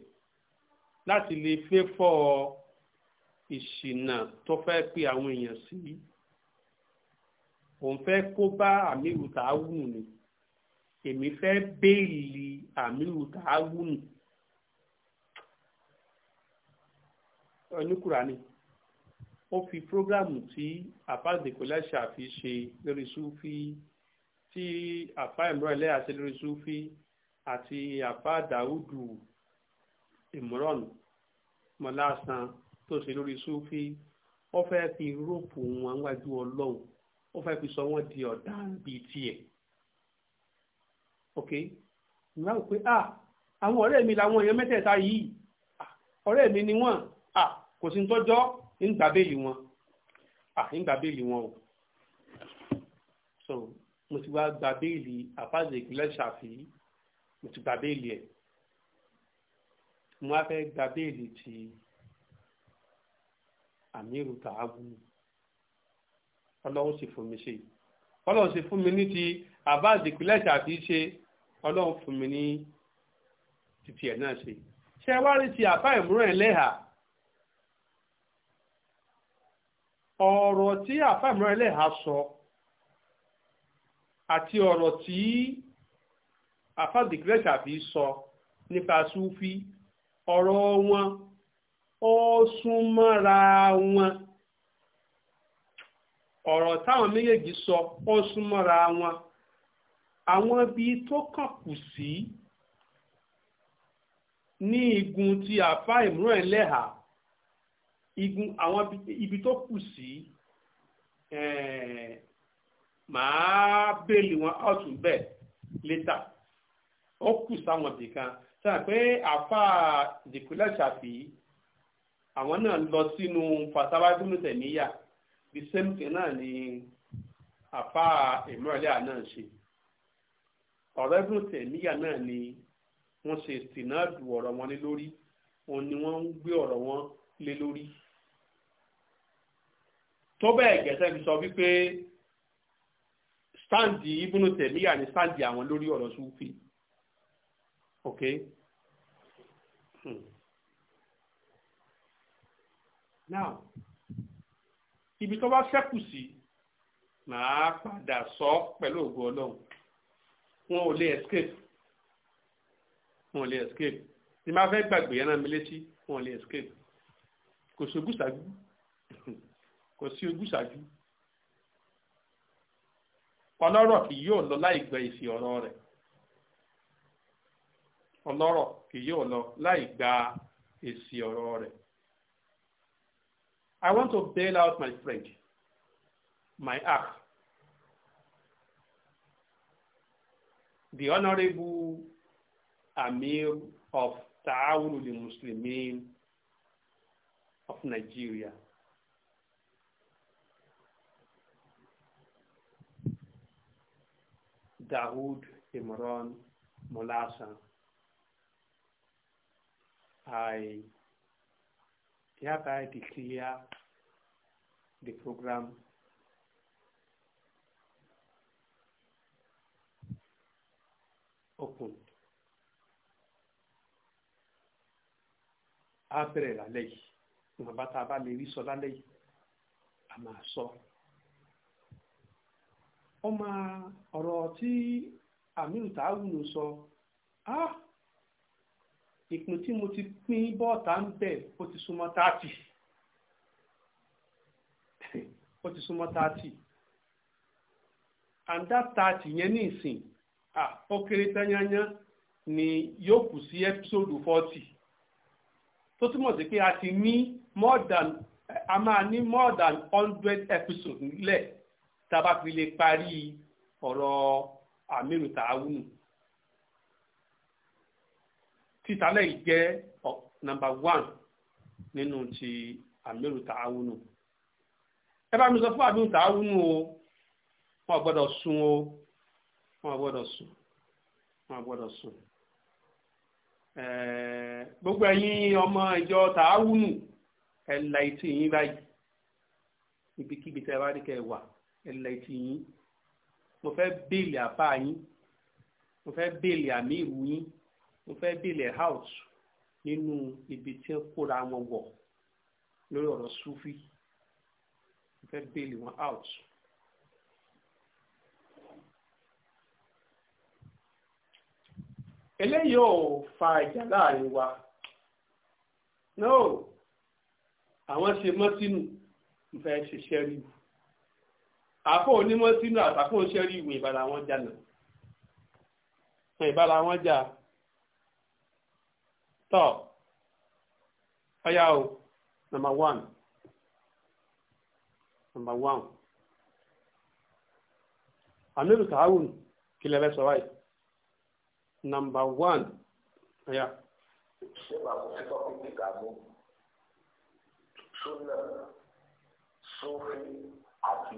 láti lè fẹ́ fọ́ ìṣìnà tó fẹ́ pe àwọn èèyàn sí òun fẹ́ kó bá àmìrù tààwù ni èmi fẹ́ béèlì àmìrù tààwù ni oníkùránì ó fi prógrámù tí àfáàdékọláṣà fi ṣe lórí súfì tí àfá ìmúra ẹlẹ́yà ṣe lórí súfì àti àfá dàúdù ìmúrọ̀nù mọ̀láṣán tó ṣe lórí súfì ó fẹ́ fi rọ́ọ̀pù wọn wájú ọlọ́run ó fẹ́ fi sọ wọ́n di ọ̀daràn bíi tiẹ̀ ok ìwà wò pé ah àwọn ọ̀rẹ́ mi làwọn èèyàn mẹ́tẹ̀ẹ̀ta yìí ọ̀rẹ́ mi ni wọ́n ah kò sí tọ́jọ́ ńgbà béèlì wọn ah ńgbà béèlì wọn o so mo ti wá gba béèlì àfáàzè ìpínlẹ̀ ṣàfihì mo ti gba béèlì ẹ̀ mo wá fẹ́ gba béèlì ti amiru tààbùnú ọlọ́run sì fún mi ṣe ọlọ́run sì fún mi ní ti abbas ìpínlẹ̀ṣà kì í ṣe ọlọ́run fún mi ní títí ẹ̀ náà ṣe ṣe wá rí ti àbá ìmúràn ẹlẹ́hà ọ̀rọ̀ tí àbá ìmúràn ẹlẹ́hà sọ àti ọ̀rọ̀ tí àbá ìpínlẹ̀ṣà kì sọ nípa súfì. ọ̀rọ̀ wọn ó sún wọn ọ̀rọ̀ táwọn méjèèjì sọ ó wọn àwọn ibi tó kàn kù sí ní igun ti àfa ìmúràn ẹlẹ́hà igun àwọn ibi tó kù sí eh, màá bèèlì wọn ọ̀tún bẹ́ẹ̀ létà ó kù sáwọn ibìkan sọ pé àfa dìkúlẹ̀ ṣàfi àwọn náà lọ sínú fasabágúnú tẹ̀míyà bí sẹ́mùtì náà ni àfa ìmọ̀lẹ́ náà ṣe ọ̀rẹ́bùn tẹ̀míyà náà ni wọ́n ṣe sìnàdù ọ̀rọ̀ wọn lé lórí òun ni wọ́n ń gbé ọ̀rọ̀ wọn lé lórí tó bẹ́ẹ̀ gẹ̀ẹ́sẹ́ fi sọ wípé stáǹdì ibùnú tẹ̀míyà ni stáǹdì àwọn lórí ọ̀rọ̀ sùfì. Okay. Hmm. Now, ibi tó bá ṣẹ́kù sí màá padà sọ pẹ̀lú ògo Ọlọ́run. Wọn ò lè escape. Wọn ò lè escape. Ní máa fẹ́ gbàgbé yẹn náà mi létí, wọn ò lè escape. Kò sí ogúnṣájú. Kò sí ogúnṣájú. Ọlọ́rọ̀ kì yóò lọ láì gbẹ ìsì ọ̀rọ̀ rẹ̀. ọlọ́rọ̀ kì yóò lọ láì gba èsì ọ̀rọ̀ rẹ̀. I want to bail out my friend, my act. The Honorable Amir of Ta'awun the Muslimin of Nigeria. Dawood Imran Molasa. I hereby declare the program open. A bẹ̀rẹ̀ lálẹ́ yìí, ìwọ̀n bá ta bá lè rí sọ lálẹ́ yìí, a máa sọ. Ó máa ọ̀rọ̀ tí Aminu Tààwùnù sọ, ah! ìpín tí mo ti pín bọ́ọ̀tà ń bẹ̀ ó ti súnmọ́ táàtì ó ti súnmọ́ táàtì and that táàtì yẹn ní ìsìn ó kéré tányányá ni yóò kù sí ẹ́písòdù fọ́tì tó túmọ̀ sí pé a ti ní more than a máa ní more than hundred episodes nílẹ̀ tá a bá fi lè parí ọ̀rọ̀ àmì ìrùtà awúnù títalẹ̀ yìí jẹ́ nọ́mbà one nínú ti àmìlú tààwùnù ẹ bá mi sọ fún àmìlú tààwùnù o wọn gbọ́dọ̀ sùn o wọn gbọ́dọ̀ sùn wọn gbọ́dọ̀ sùn gbogbo ẹ̀yin ọmọ ìjọ tààwùnù ẹ la etí yín báyìí ibikíbi tẹ́ ẹ bá rí kẹ́ ẹ wà ẹ la etí yín mo fẹ́ béèlì àbá yín mo fẹ́ béèlì àmì ìrù yín mo fẹ́ bílẹ̀ house nínú ibi tí ń kóra wọn wọ̀ lórí ọ̀rọ̀ sufi mo fẹ́ bílẹ̀ wọn house. eléyìí ò fa ìjà láàrin wa no àwọn ṣe mọ́tínù ń fẹ́ ṣiṣẹ́ rí wù àfọ onímọ́tínù àtàkùn ṣẹ́rí ìwé ìbára wọn jà náà ìbára wọn jà náà tọ́ ọ̀yá o number one number one amiru tahawun kìlẹ̀ fẹ́ sọ wáyé number one ọ̀yá. ṣé màá mú tọ́kùn ní ìdààmú súnà súnfì àti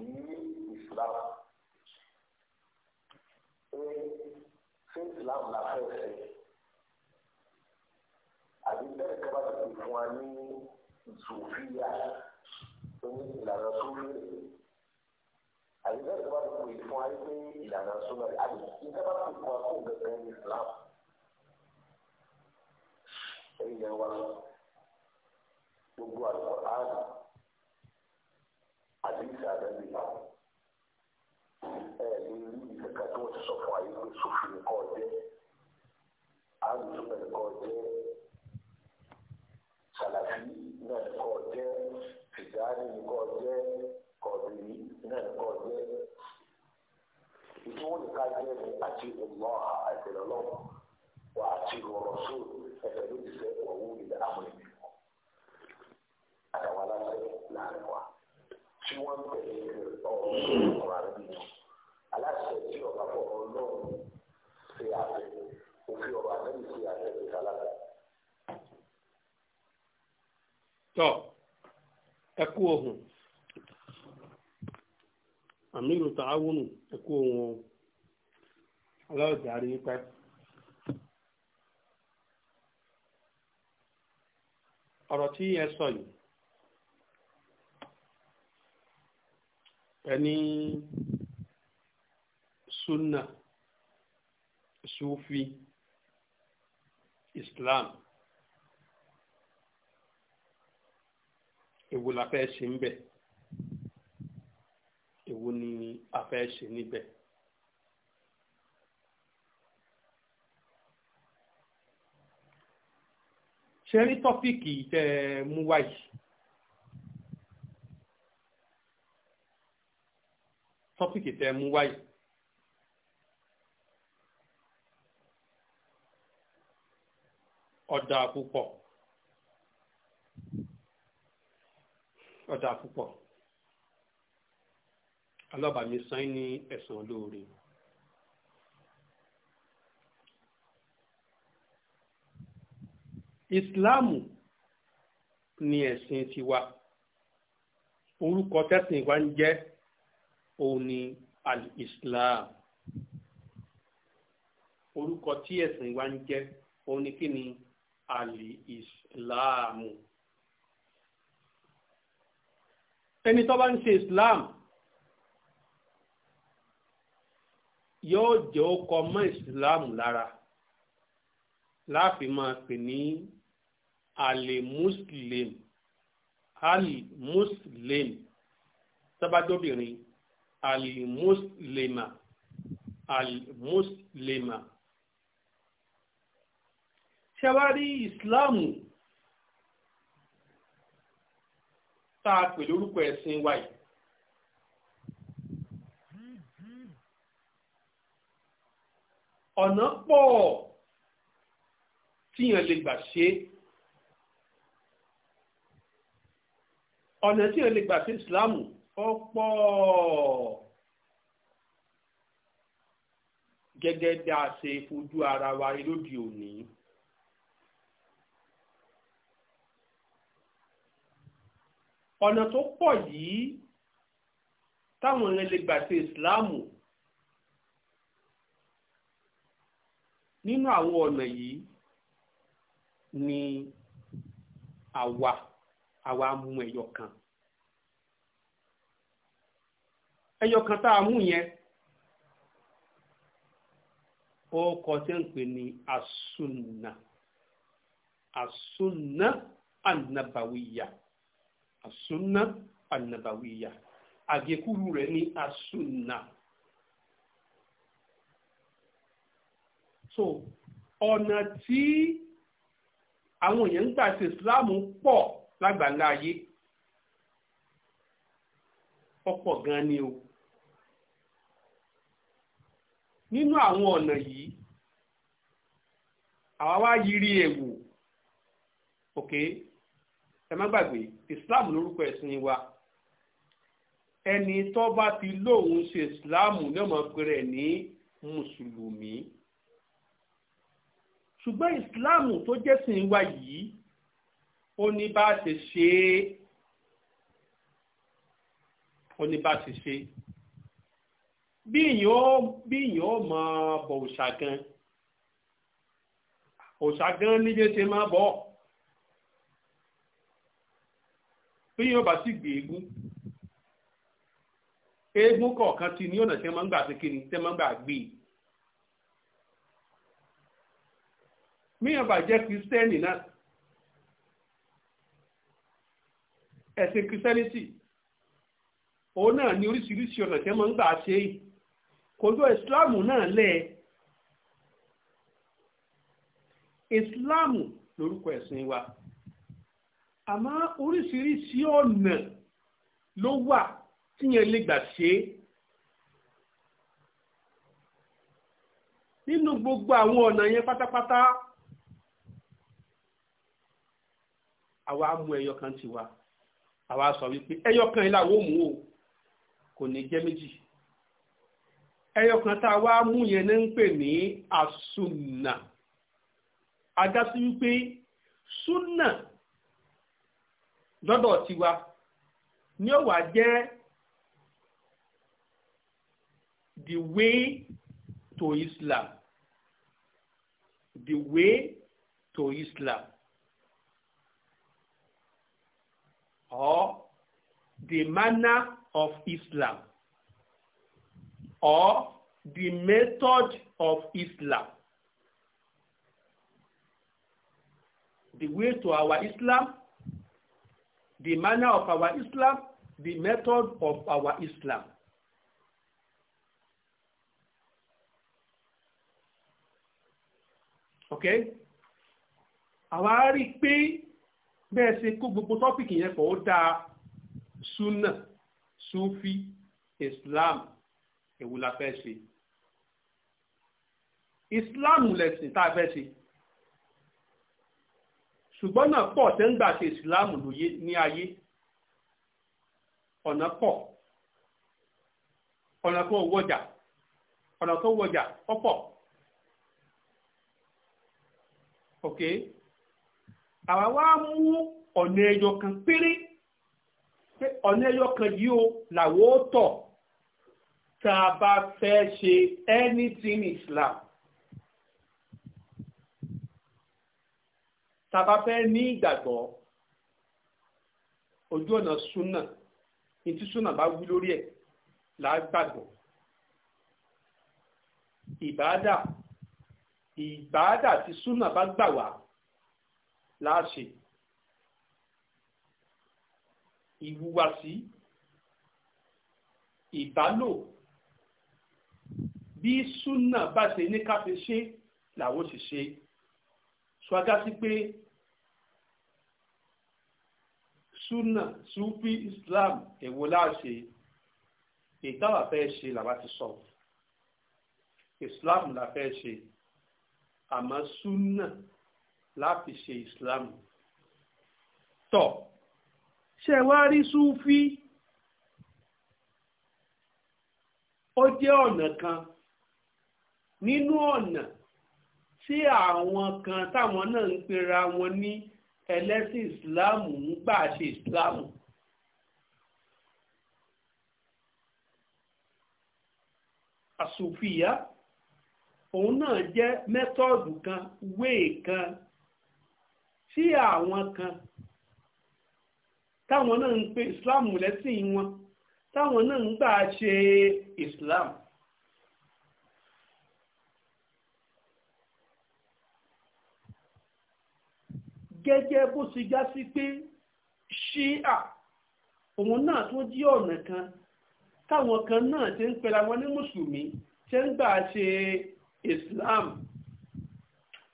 ìsìlámù ṣé ìsìlámù la fẹ́ ṣe. fún wa ní ìsòfíà tó ní ìlànà tó lérè àyíká ìjọba tó pè fún wa pé ìlànà tó lérè àbí ìjọba tó pè fún wa kó gẹ́gẹ́ ní Islam ẹ̀yìn yẹn wá gbogbo àlùkò áàdì àti ìsàlẹ̀ nìyà ẹ̀ lè rí ìkẹ́kẹ́ tó ti sọ fún wa yìí pé sòfin kọ́ jẹ́ àlùsùn kọ́ jẹ́ sàlàyé náà kọ́ jẹ́ fìdáàdì kọ́ jẹ́ kọ̀bìrì náà kọ́ jẹ́ ìtumọ̀ nìka jẹ́ ní àti ọmọ àìsèlélọ́ wà àti ọ̀rọ̀ sọ ẹ̀fẹ̀ ló ti fẹ́ ọ̀hún ìdá àmọ́ ìbí àtàwọn aláṣẹ láàrin wa tí wọ́n ń tẹ̀lé ọ̀rọ̀ ọ̀rọ̀ àrẹ́bí náà. tọ ẹ ohun àmírù tààwùnù ẹ ohun o ọlọ́ọ̀dàrí pẹ́. ọ̀rọ̀ tí ẹ sọ yìí ẹni sunna sufi islam èwo la fẹ́ ṣe ń bẹ̀ èwo ni a fẹ́ ṣe níbẹ̀. ṣe rí tọ́píìkì tẹ́ mú wáyé tọ́píìkì tẹ́ mú wáyé ọ̀dà púpọ̀. ọ̀dà púpọ̀ alábàámi sáyìn ní ẹ̀sán olóore. ìsìláàmù ni ẹ̀sìn tiwa orúkọ tẹ́sìn wa ń jẹ́ òun ni al-islam orúkọ tí ẹ̀sìn wa ń jẹ́ òun ni kí ni al-islam. ẹni tó bá ń ṣe Islam yóò jẹ́ ọkọ̀ mọ́ Islam lára láàfin máa pè ní alimuslim alimuslim sábàdóbìnrin alimuslima alimuslima ṣe wá rí Islam. Islam tá a pè lórúkọ ẹ̀sìn wa yìí. ọ̀nà pọ̀ tíyàn lè gbà ṣe ọ̀nà tíyàn lè gbà ṣe ìsìláàmù ọ̀pọ̀ gẹ́gẹ́ bí a ṣe fojú ara wa lóde òní. ọ̀nà tó pọ̀ yìí táwọn èèyàn lè gbà ṣe ìsìláàmù nínú àwọn ọ̀nà yìí ni àwa àwa mú ẹyọ kan ẹyọ kan tá a mú yẹn ọkọ̀ tí ń pè ní asúnà asúnà ànàbàwíyà. asunna annabawiya agekuru rẹ ni asunna. so ọna tí àwọn èèyàn ń gbà ṣe ìsìláàmù pọ̀ lágbàlá ayé ọ̀pọ̀ gan ni o nínú àwọn ọna yìí àwa wá yiri ẹ̀wò òkè. Okay? ẹ má gbàgbé islam lórúkọ ẹ̀sìn wa ẹni tó bá ti lóun ṣe islam ní ọmọkùnrin ní mùsùlùmí ṣùgbọ́n islam tó jẹ́sìn wa yìí ó ní bá ṣe ṣe é ó ní bá ṣe ṣe bí ìyàn ó mọ bọ̀ òṣà gan òṣà gan níbi ṣe máa bọ̀ bí yóò sì gbé eégún ti ní ọ̀nà tí wọ́n máa ń gbà sí kíni tí wọ́n máa ń gbà gbé e. míyàn bá jẹ́ kristẹni náà ẹ̀sìn kristẹnitì òun náà ní oríṣiríṣi ọ̀nà tí wọ́n máa ń gbà ṣe é ìsìláàmù náà lẹ̀ ìsìláàmù wa. àmọ́ oríṣiríṣi ọ̀nà ló wà tíyẹn lè gbà ṣe é nínú gbogbo àwọn ọ̀nà yẹn pátápátá àwa mú ẹyọ ti wa àwa sọ wípé ẹyọ kan ilé àwọn òmùwò kò ní jẹ́ méjì ẹyọ kan tá a wá mú yẹn ní ń pè ní àsùnà adásí wípé súnà lọ́dọ̀ tiwa ní ó wá jẹ́ the way to Islam the way to Islam or the manner of Islam or the method of Islam the way to our Islam the manner of our Islam, the method of our Islam. Okay? Àwa rí i pé bẹ́ẹ̀ ṣe kó gbogbo tọ́pìkì yẹn pọ̀ dáa súnà súfì Islam èwo la fẹ́ ṣe. Islam lẹ̀sìn tá a fẹ́ ṣe ṣùgbọ́n náà pọ̀ tẹ́ ń gbà ṣe ìsìláàmù lóye ní ayé ọ̀nà pọ̀ ọ̀nà tó wọjà ọ̀nà tó wọjà ọ̀pọ̀ ok àwa wá mú ọ̀nà ẹyọ kan péré pé ọ̀nà ẹyọ kan yìí ó làwọ́ tọ̀ tá a bá fẹ́ ṣe anything Islam. tàbá fẹ́ ní ìgbàgbọ́ ojú ọ̀nà súnà ní tí súnà bá wí lórí ẹ̀ là gbàgbọ́ ìbáàdà ìbáàdà tí súnà bá gbà wá là ṣe ìhùwàsí ìbálò bí súnà bá ṣe ní ká fi ṣe làwọn sì ṣe ṣwágá sí pé súnà súfì islam èwo láṣẹ ìtawà fẹ́ ṣe làwa ti sọ islam la fẹ́ ṣe àmọ́ súnà láti ṣe islam tọ̀ ṣe wá rí súfì ó jẹ́ ọ̀nà kan nínú ọ̀nà tí àwọn kan táwọn náà ń pera wọn ní ẹlẹ́sìn ìsìláàmù ń gbà ṣe ìsìláàmù. àsòfìyà òun náà jẹ́ mẹ́tọ́ọ̀dù kan wéè kan tí àwọn kan táwọn náà ń pe ìsìláàmù lẹ́sìn wọn táwọn náà ń gbà ṣe ìsìláàmù. gẹ́gẹ́ bó ti já sí pé ṣíà òun náà tó jí ọ̀nà kan táwọn kan náà ti ń pera wọn ní mùsùlùmí ṣe ń gbà ṣe Islam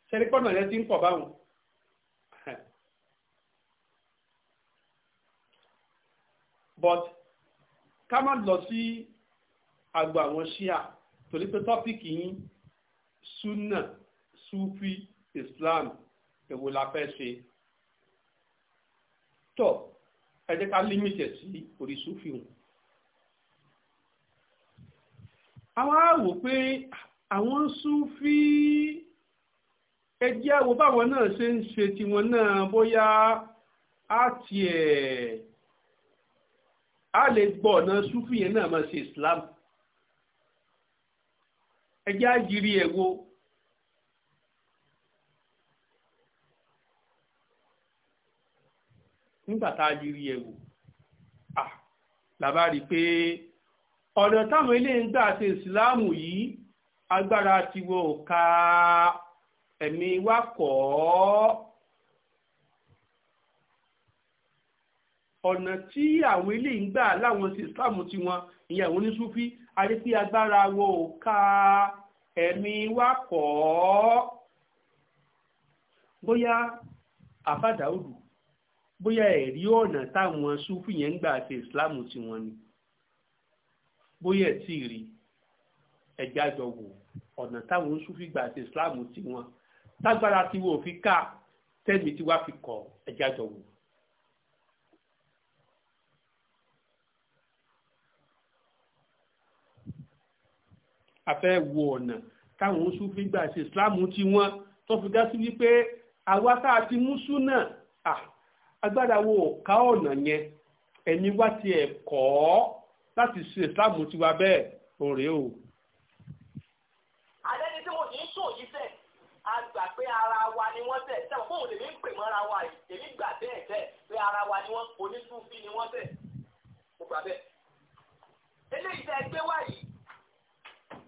ṣẹ́rípọ̀nà rẹ ti ń pọ̀ báwọn. but ká má lọ sí àgbà àwọn ṣíà torí pé tọ́pìkì yín sunna sufi Islam èwo la fẹ́ ṣe tọ́ ẹ jẹ́ ká límìtì sí orí Súfì hùn àwọn àwò pé àwọn Súfì ẹjẹ́ àwò báwọn náà ṣe ń ṣe tiwọn náà bóyá á tiẹ̀ á lè gbọ́ ọ̀nà Súfì yẹn náà máa ṣe Islam ẹjẹ́ àjírí ẹ̀ wo. nígbà tá a yiri ẹ̀ wò làbá rí i pé ọ̀nà táwọn eléyìí ń gbà ṣe ìsìláàmù yìí agbára tiwọn ò ka ẹ̀mí wa kọ̀ ọ́. ọ̀nà tí àwọn ilé ń gbà láwọn sí islamu ti ìyẹn àwọn onísúfí àti agbára wo ò ẹ̀mí wa kọ̀ bóyá àbádàúdù bóyá ẹ̀rí ọ̀nà táwọn súfì yẹn ń gbà ṣe ìsìláàmù tiwọn ni bóyá ẹ̀ tí ì rí ẹ̀já jọ wò ọ̀nà táwọn súfì gbà ṣe ìsìláàmù tiwọn tágbára tiwọn ò fi ká tẹ́mi tiwa fi kọ̀ ẹ̀já jọ wò. a fẹ́ wo ọ̀nà táwọn súfì gbà ṣe ìsìláàmù tiwọn tó fi dá sí wípé àwa tá a ti mú súnà agbára wo ká ọ̀nà yẹn ẹni wá tiẹ̀ kọ́ láti ṣe ìsìláàmù tiwa bẹ́ẹ̀ òrè o. àlẹ́ni tí mo kì í sùn yìí sẹ̀ a gbà pé ara wa ni wọ́n tẹ̀ sẹ́wọ̀n fóun lèmi ń pè mọ́ra wa èmi gbà bẹ́ẹ̀ bẹ́ẹ̀ pé ara wa ni wọ́n onísùnfí ni wọ́n tẹ̀ mo gbà bẹ́ẹ̀. eléyìí tẹ gbé wá yìí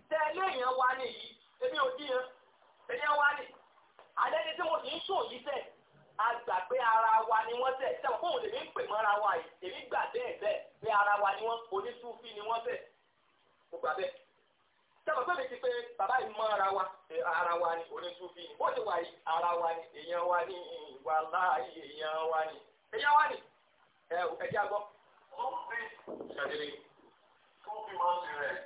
tẹ eléyìí wa ni yìí èmi ò díyan èmi wa ni àlẹ́ni tí mo kì í sùn yìí sẹ́ẹ̀ àgbà ara wa ni wọ́n tẹ̀ sẹ́wọ̀n fóun lèmi ń pè mọ́ ara wa yìí èmi gbà bẹ́ẹ̀ bẹ́ẹ̀ pé ara wa ni wọ́n onísùfì ni wọ́n bẹ̀ mo gbà bẹ́ẹ̀ sẹ́wọ̀n pé mi ti pé bàbá yìí mọ́ ara wa ara wa ni onísùfì ni bó ti wà yìí ara wa ni èèyàn wa ni ìwà láàyè èèyàn wa ni èèyàn wa ni ẹ̀jẹ̀ àgbọ̀. ó fi ṣàdédé tó fi máa ń ṣe rẹ̀.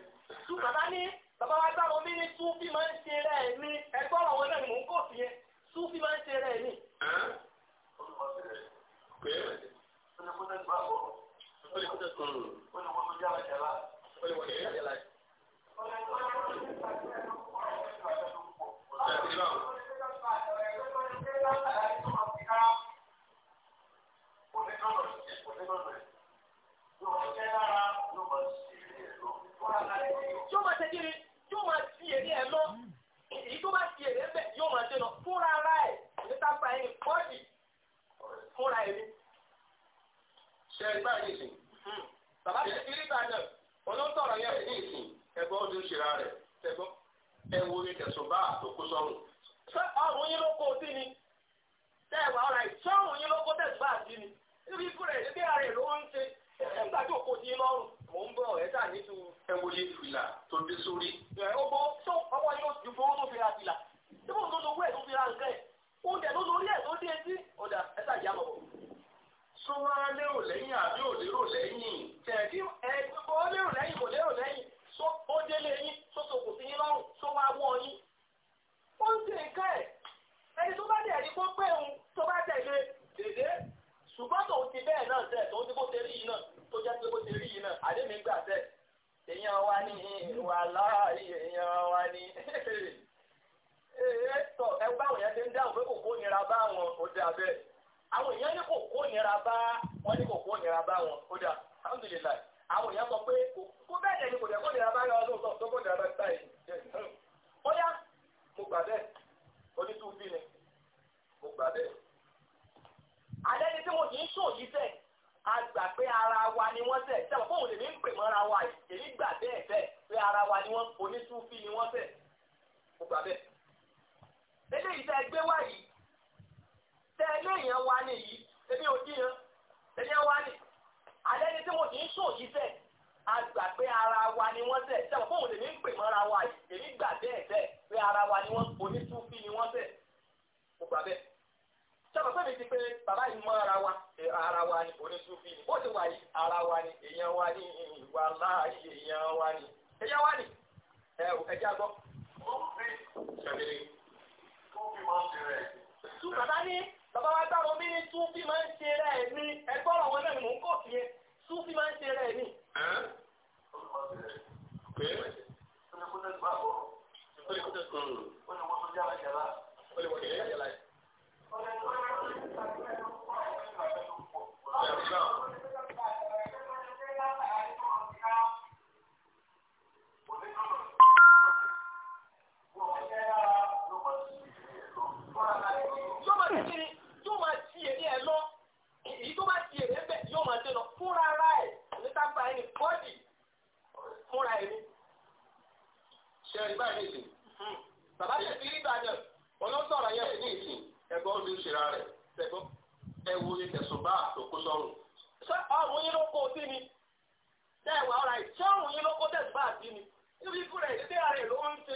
tú bàbá ní bàbá wa gbàgbọ́ mi ní tú fi máa ń ṣe rẹ̀ ní ẹgbọ́n àwọn náà ni mò ń kò sí yẹn tú máa ń ṣe rẹ̀ ní. Yóò máa ṣe kiri, yóò máa ti èrè ẹ̀ lọ, èyí tó bá ti èrè ẹ̀ bẹ̀ yóò máa ṣe lọ fúnra ara ẹ̀ fúnra ẹ̀ ní. ṣe ẹgbẹ́ àyè sìn. bàbá ṣe ti rí bàjẹ́ olóńtọ̀rọ̀ yẹn ní ìsìn ẹgbẹ́ ó ti ń ṣera rẹ̀ ẹgbọ́ ẹ wo ni tẹ̀sùn bá àtòkú sọ́run. ṣé ọ̀run yín ló kó o sí ni? ṣé ẹ̀wà ọ̀rà ìṣọ́run yín ló kó tẹ̀sùn bá àti ni? níbi ikú rẹ̀ ṣé ara rẹ̀ ló ń ṣe ẹgbàá tó kó sí lọ́rùn. mò ń bọ̀ ẹ̀ nígbà náà ọlọ́sọ̀rọ̀ yẹn ní ìsìn ẹ̀gbọ́n mi ń ṣera rẹ̀ ṣẹ̀gbọ́n ẹ wo ni tẹ̀sùn bá àtòkó sọ́run. ṣé ọ̀hún yín ló kó o sí ni? dẹ́wà ọ̀rá yìí ṣé ọ̀hún yín ló kó tẹ̀sùn bá àti ni? níbi ikú rẹ̀ ìdílé rẹ̀ ló ń ṣe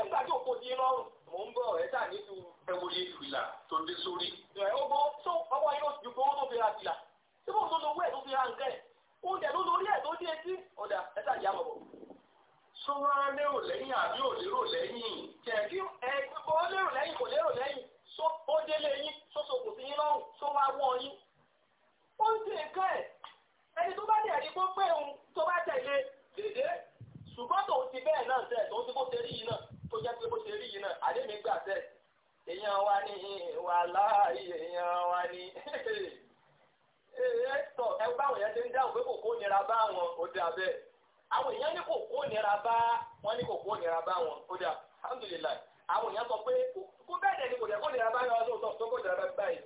ẹgbà tí òkú di lọ́rùn. mò ń bọ̀ ẹ ṣáà ní ju ẹwòye ìfìlà tó dé sórí. ọgbọ́n tó ọwọ́ yóò ju gbogbo tó fi ra fìlà. síbò tó lówó ẹ̀ tó fi ra nǹkan ẹ̀. oúnjẹ tó wá lérò lẹ́yìn àbí ò lérò lẹ́yìn jẹ́ kí ẹ ó lérò lẹ́yìn kò lérò lẹ́yìn ó délé yín sóso kò sí yín lọ́rùn tó wá wọ́n yín ó ń ṣe nǹkan ẹ̀ ẹni tó bá dẹ̀ ẹni tó pé òun tó bá tẹ̀lé dédé ṣùgbọ́n tó ti bẹ́ẹ̀ náà tẹ̀ tó ti bó ṣe rí yìí náà tó jẹ́ pé bó ṣe rí yìí náà àdé mi gbà tẹ̀ èèyàn wa ni wàhálà èèyàn wa ni (laughs) ẹ tọ ẹ báwọn yẹn ti ń dáhùn pé kò kó nira báwọn ó dà bẹ́ẹ̀ àwọn èèyàn ní kò kó nira bá wọn ní kò kó nira bá wọn ó dà alhamdulilayi àwọn èèyàn sọ pé kó bẹ́ẹ̀ dẹ̀ ni kò dẹ̀ kó nira bá yọ lóòótọ́ tó kó nira bá báyìí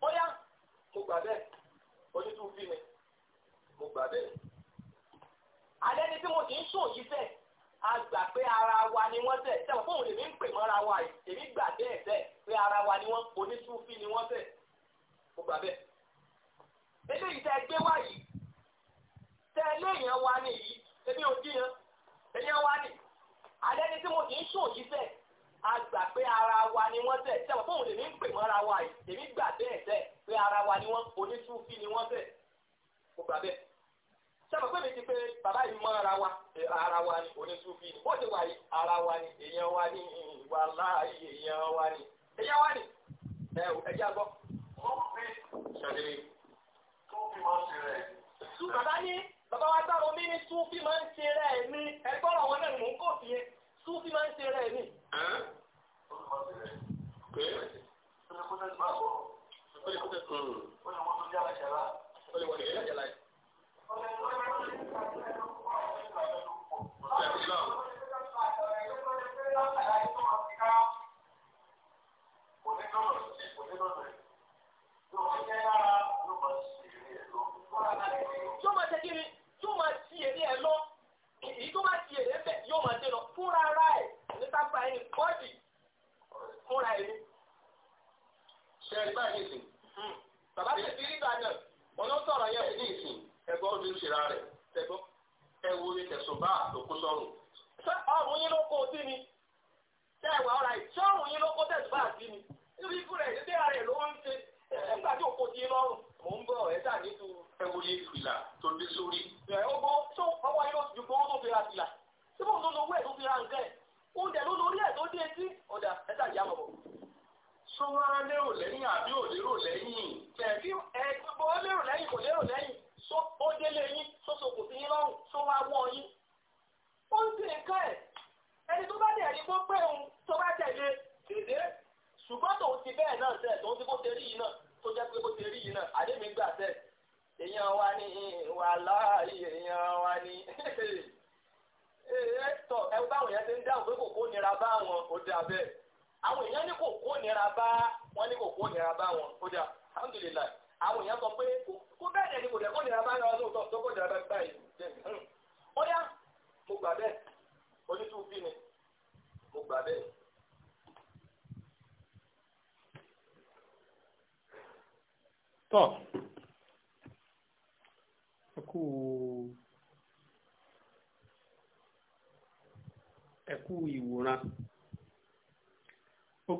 ó yá mo gbà bẹ́ẹ̀ onítúù bí mi mo gbà bẹ́ẹ̀. alẹ́ ni bí mo ti ń sùn a gbà pé ara wa ni wọ́n tẹ̀ sẹ́wọ̀n fóun lèmi ń pè mọ́ra wa yìí èmi gbà bẹ́ẹ̀ bẹ́ẹ̀ pé ara wa ni wọ́n onítúù bí ni wọ́n tẹ̀ mo gbà bẹ́ẹ̀. eléyìí tẹ́ gbé wá tẹ eléyàn wá ní yìí ebi ò bí yan eléyàn wá ní alẹ́ni tí mo kì í sùn yìí fẹ́ àgbà pé ara wa ni wọ́n tẹ̀ tẹ̀wọ́n fóun lèmi ń pè mọ́ wa yìí èmi gbà bẹ́ẹ̀ tẹ̀ pé ara wa ni wọ́n onítúfí ni wọ́n tẹ̀ mo gbà bẹ́ẹ̀ sọ́mọ̀ pé mi ti pé bàbá yìí mọ́ wa ara wa ni onítúfí ni bóde wa yìí ara wa ni èèyàn wa ni ìwà láàyè èèyàn wa ni èèyàn wa ni ẹ jẹ́ àgbọ̀. ó fi ṣàlẹ̀ tó fi mọ́ sí rẹ̀. bàbá ní bàbá wa gbàgbọ́ mi ní súnfì máa ń ṣe rẹ̀ mí ẹgbọ́n àwọn náà mò ń kò sí yẹn súnfì máa ń ṣe rẹ̀ mí. ó lè wọ́n tó jẹ́ àlàjẹ́ lá. ó lè wọ́n tó jẹ́ àlàjẹ́ lá.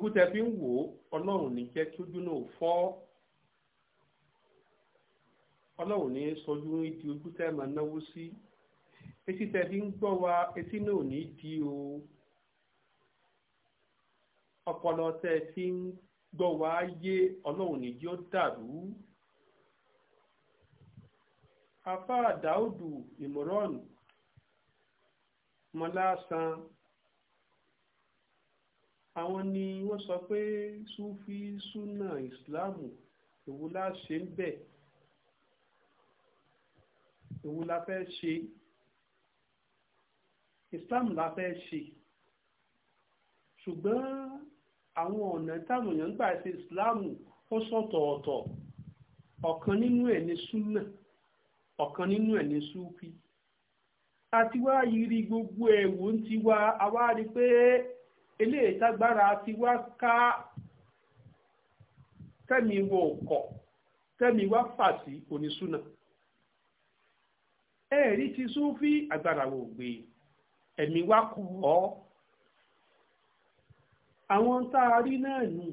ojú tẹ fi ń wò ó ọlọ́run ní jẹ́ kí ojú náà fọ́ ọlọ́run ní sọjú ní di ojú tẹ máa náwó sí etí tẹ fi ń gbọ́ wa etí náà ní di o ọpọlọ tẹ fi ń gbọ́ wa yé ọlọ́run ní jẹ́ ó dàrú afá Dáúdù ìmọ̀rán mọ́lá san àwọn ni wọ́n sọ pé sufi sunna ìsìláàmù èwo la ṣe ń bẹ̀ èwo la fẹ́ ṣe ìsìláàmù la fẹ́ ṣe ṣùgbọ́n àwọn ọ̀nà táwọn èèyàn gbà ṣe ìsìláàmù ó sọ̀tọ̀ọ̀tọ̀ ọ̀kan nínú ẹ̀ ni súnà ọ̀kan nínú ẹ̀ ni súfì àti wá yiri gbogbo ẹ̀wò ń ti wá a wá rí pé eléyìí tágbára ti wá ká tẹ́mi wọ ọkọ̀ tẹ́mi wá fà sí onísúnà ẹ̀rí ti súnfí agbára wò gbé ẹ̀mí wá kù ọ́ àwọn tá a rí náà nù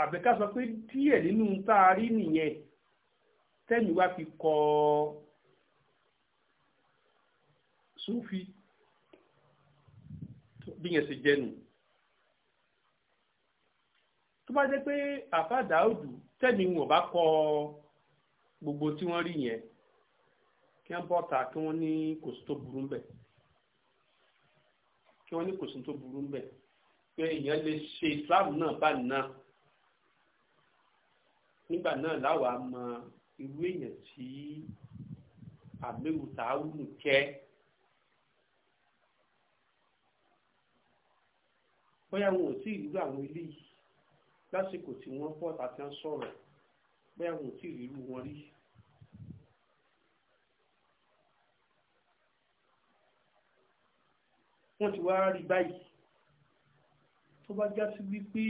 àbẹ̀ká sọ pé díẹ̀ nínú tá a rí nìyẹn tẹ́mi wá fi kọ́ súnfí. So bí yẹn ṣe jẹ́ nù tó bá jẹ́ pé àfa dàúdù tẹ́mi wọn bá kọ gbogbo tí wọ́n rí yẹn kí wọ́n bọ́ ta kí wọ́n ní kò sí tó burú bẹ̀ kí wọ́n ní kò sí tó burú bẹ̀ pé èèyàn lè ṣe Islam náà bá náà nígbà náà láwàá mọ irú èèyàn tí àmẹ́wò tààwùn jẹ́. bóyá wọn ò tí ì rírú àwọn ilé yìí lásìkò tí wọ́n pọ̀ tàbí wọ́n sọ̀rọ̀ bóyá wọn ò tí ì rírú wọn rí. wọ́n ti wá rí báyìí tó bá já sí wípé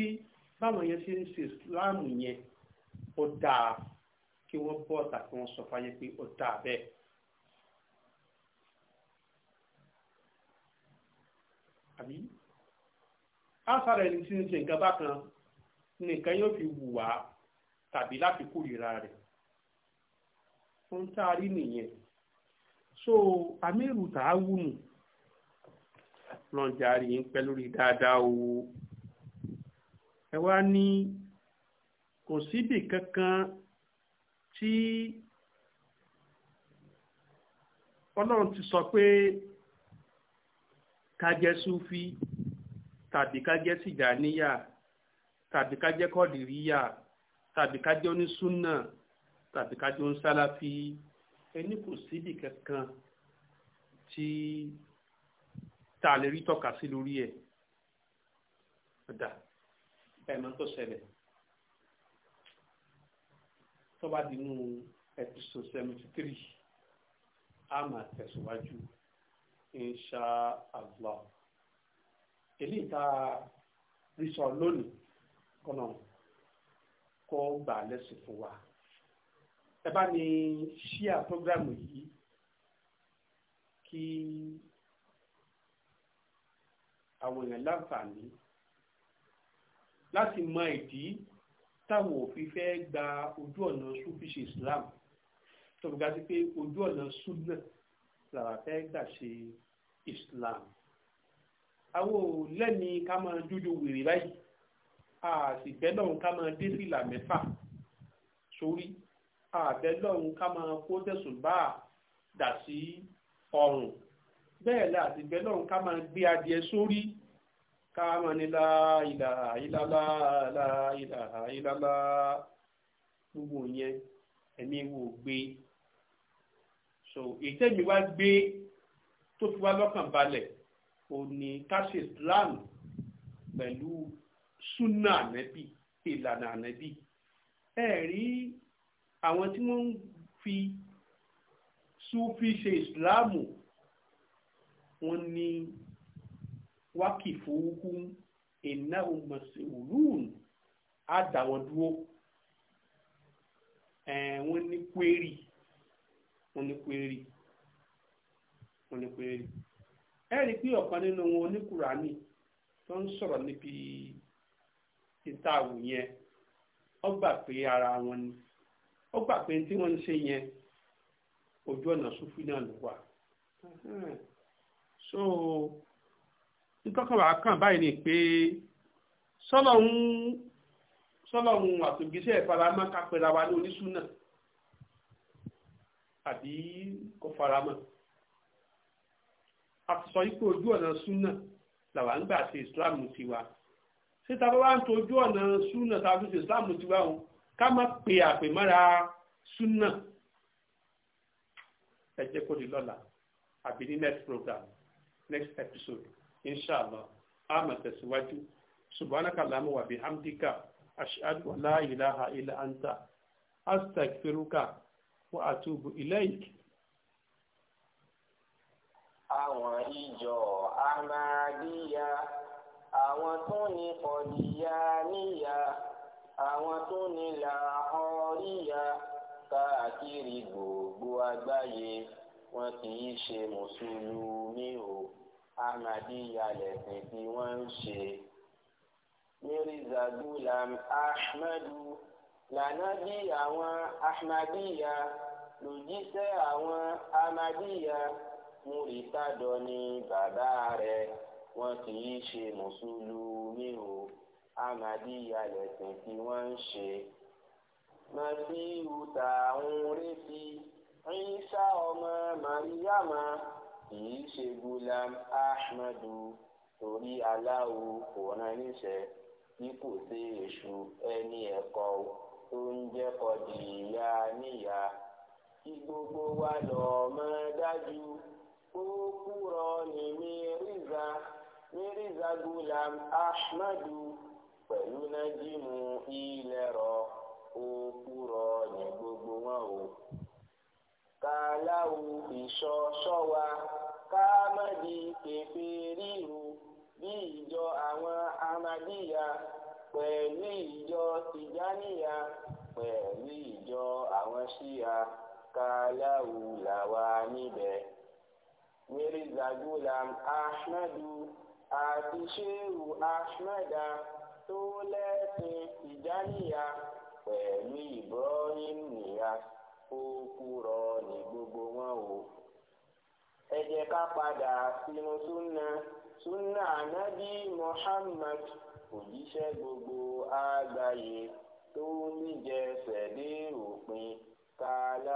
báwọn yẹn ṣe ń ṣe ìsìláàmù yẹn ó dáa kí wọ́n bọ́ ọ̀tà kí wọ́n sọ fáyé pé ó dáa bẹ́ẹ̀. àbí ásàrà ẹni tí ń ṣe nǹkan bákan nìkan yóò fi wù wá tàbí láti kórìíra rẹ̀ ń tá a nìyẹn so amíru tá a wù nù lọ́njà rí ń pẹ́ lórí dáadáa o ẹ wá ní kò síbì kankan tí ọlọ́run ti sọ pé kájẹ́ súfì tàbí ká jẹ́ sìdáníyà tàbí ká jẹ́ kọ́dìríyà tàbí ká jẹ́ onísúnà tàbí ká jẹ́ onísálàfí ẹni kò síbi kankan tí tá a lè rí tọ́ka sí lórí ẹ̀ ọ̀dà ẹ̀mọ́ tó ṣẹlẹ̀ tó bá dínú episode seventy three a máa tẹ̀síwájú insha Allah èlé ìta rísọ lónìí kọ́nà kó gbà lẹ́sìn fún wa ẹ bá ní ṣíà prógrámù yìí kí àwọn èèyàn láǹfààní láti mọ ìdí táwọn òfin fẹ́ gba ojú ọ̀nà sufiṣe Islam tó bí ga sí pé ojú ọ̀nà sunna làwọn fẹ́ gbà ṣe Islam àwọn ò lẹ́ni ká máa dúdú wèrè báyìí àsìgbẹ́ lọ́hùn ká máa dé fìlà mẹ́fà sórí àbẹ́ lọ́hùn ká máa kó tẹ̀sùn bá dà sí ọrùn bẹ́ẹ̀ la àsìgbẹ́ lọ́hùn ká máa gbé adìẹ sórí ká máa ní láìlà ìlàlá láìlà ìlàlá gbogbo yẹn ẹ̀mí wo gbé so èyí tẹ́mi wá gbé tó fi wá lọ́kàn balẹ̀ o ni ká ṣe Islam pẹ̀lú súnà ànẹ́bì ìlànà ànẹ́bì ẹ rí àwọn tí wọ́n ń fi súfì ṣe Islam wọ́n ní wákìfowókún iná òmùsùlùún àdàwọ̀dúró wọ́n ní kwérì wọ́n ní kwérì wọ́n ní kwérì ẹ̀rí pé ọ̀kan nínú wọn oníkùránì tó ń sọ̀rọ̀ níbi ìtawù yẹn ó gbà pé ara wọn ni ó gbà pé tí wọ́n ń ṣe yẹn ojú ọ̀nà sufi náà ló wà. so nítọ́kànlá kan báyìí ni pé sọ́lọ́hún sọ́lọ́hún àtògíṣẹ́ ìfaramọ́ kápẹ́ra wa ní oníṣúná àbí kò faramọ́ àtìsọ ipò ojú ọ̀nà súnà làwà ń gbà ṣe islam tiwa ṣé tá a bá wá ń to ojú ọ̀nà súnà tá a fi ṣe islam tiwa o ká má pe àpè mọ́ra súnà ẹ jẹ́ kó di lọ́la àbí ní next program next episode inshallah a tẹ̀síwájú subhanaka allahumma wa bihamdika ashhadu an la ilaha illa anta astaghfiruka wa atubu ilaik àwọn ìjọ ahmadiyya àwọn tó ní kọdíyà níyà àwọn tó ní làhọríyà káàkiri gbogbo àgbáyé wọn kì í ṣe mùsùlùmí o ahmadiyya lẹ̀sìn tí wọ́n ń ṣe. mirza ahmadu lànábì àwọn ahmadiyya lòjíṣẹ́ àwọn ahmadiyya. múri kádọ ni bàbá rẹ̀ wọn kì í ṣe mùsùlùmí o Ahmadiyya lẹ̀sìn tí wọ́n ń ṣe. masihu tá à ń ọmọ Màríyàmá kì í ṣe Gulam Ahmadu torí aláwo kò rán níṣẹ́ tí kò sí èṣù ẹni ẹ̀kọ́ tó ń jẹ́kọ̀ọ́ dìyà níyà kí gbogbo wa lọ mọ̀ dájú. ookpurorịzirịzagulam ahmadu kpelulajim ilerọ okpuroịgbogbowa kalawu ịshọ shọwa kamagi keriru iijo anwa amagi ya kpeiijo tigani ya kpeiijo anwasi ya kalawu nibe. Mere zagulam ahmadu àti shehu ahmeda tó lẹ́sìn ìjáníyà pẹ̀lú ibrahim niyas ó kúrọ ní gbogbo wọn o. ẹ jẹ́ ká padà sínú súnà súnà ànábì muhammad òjíṣẹ́ gbogbo àgbáyé tó níjẹsẹ̀ dé òpin tààlà.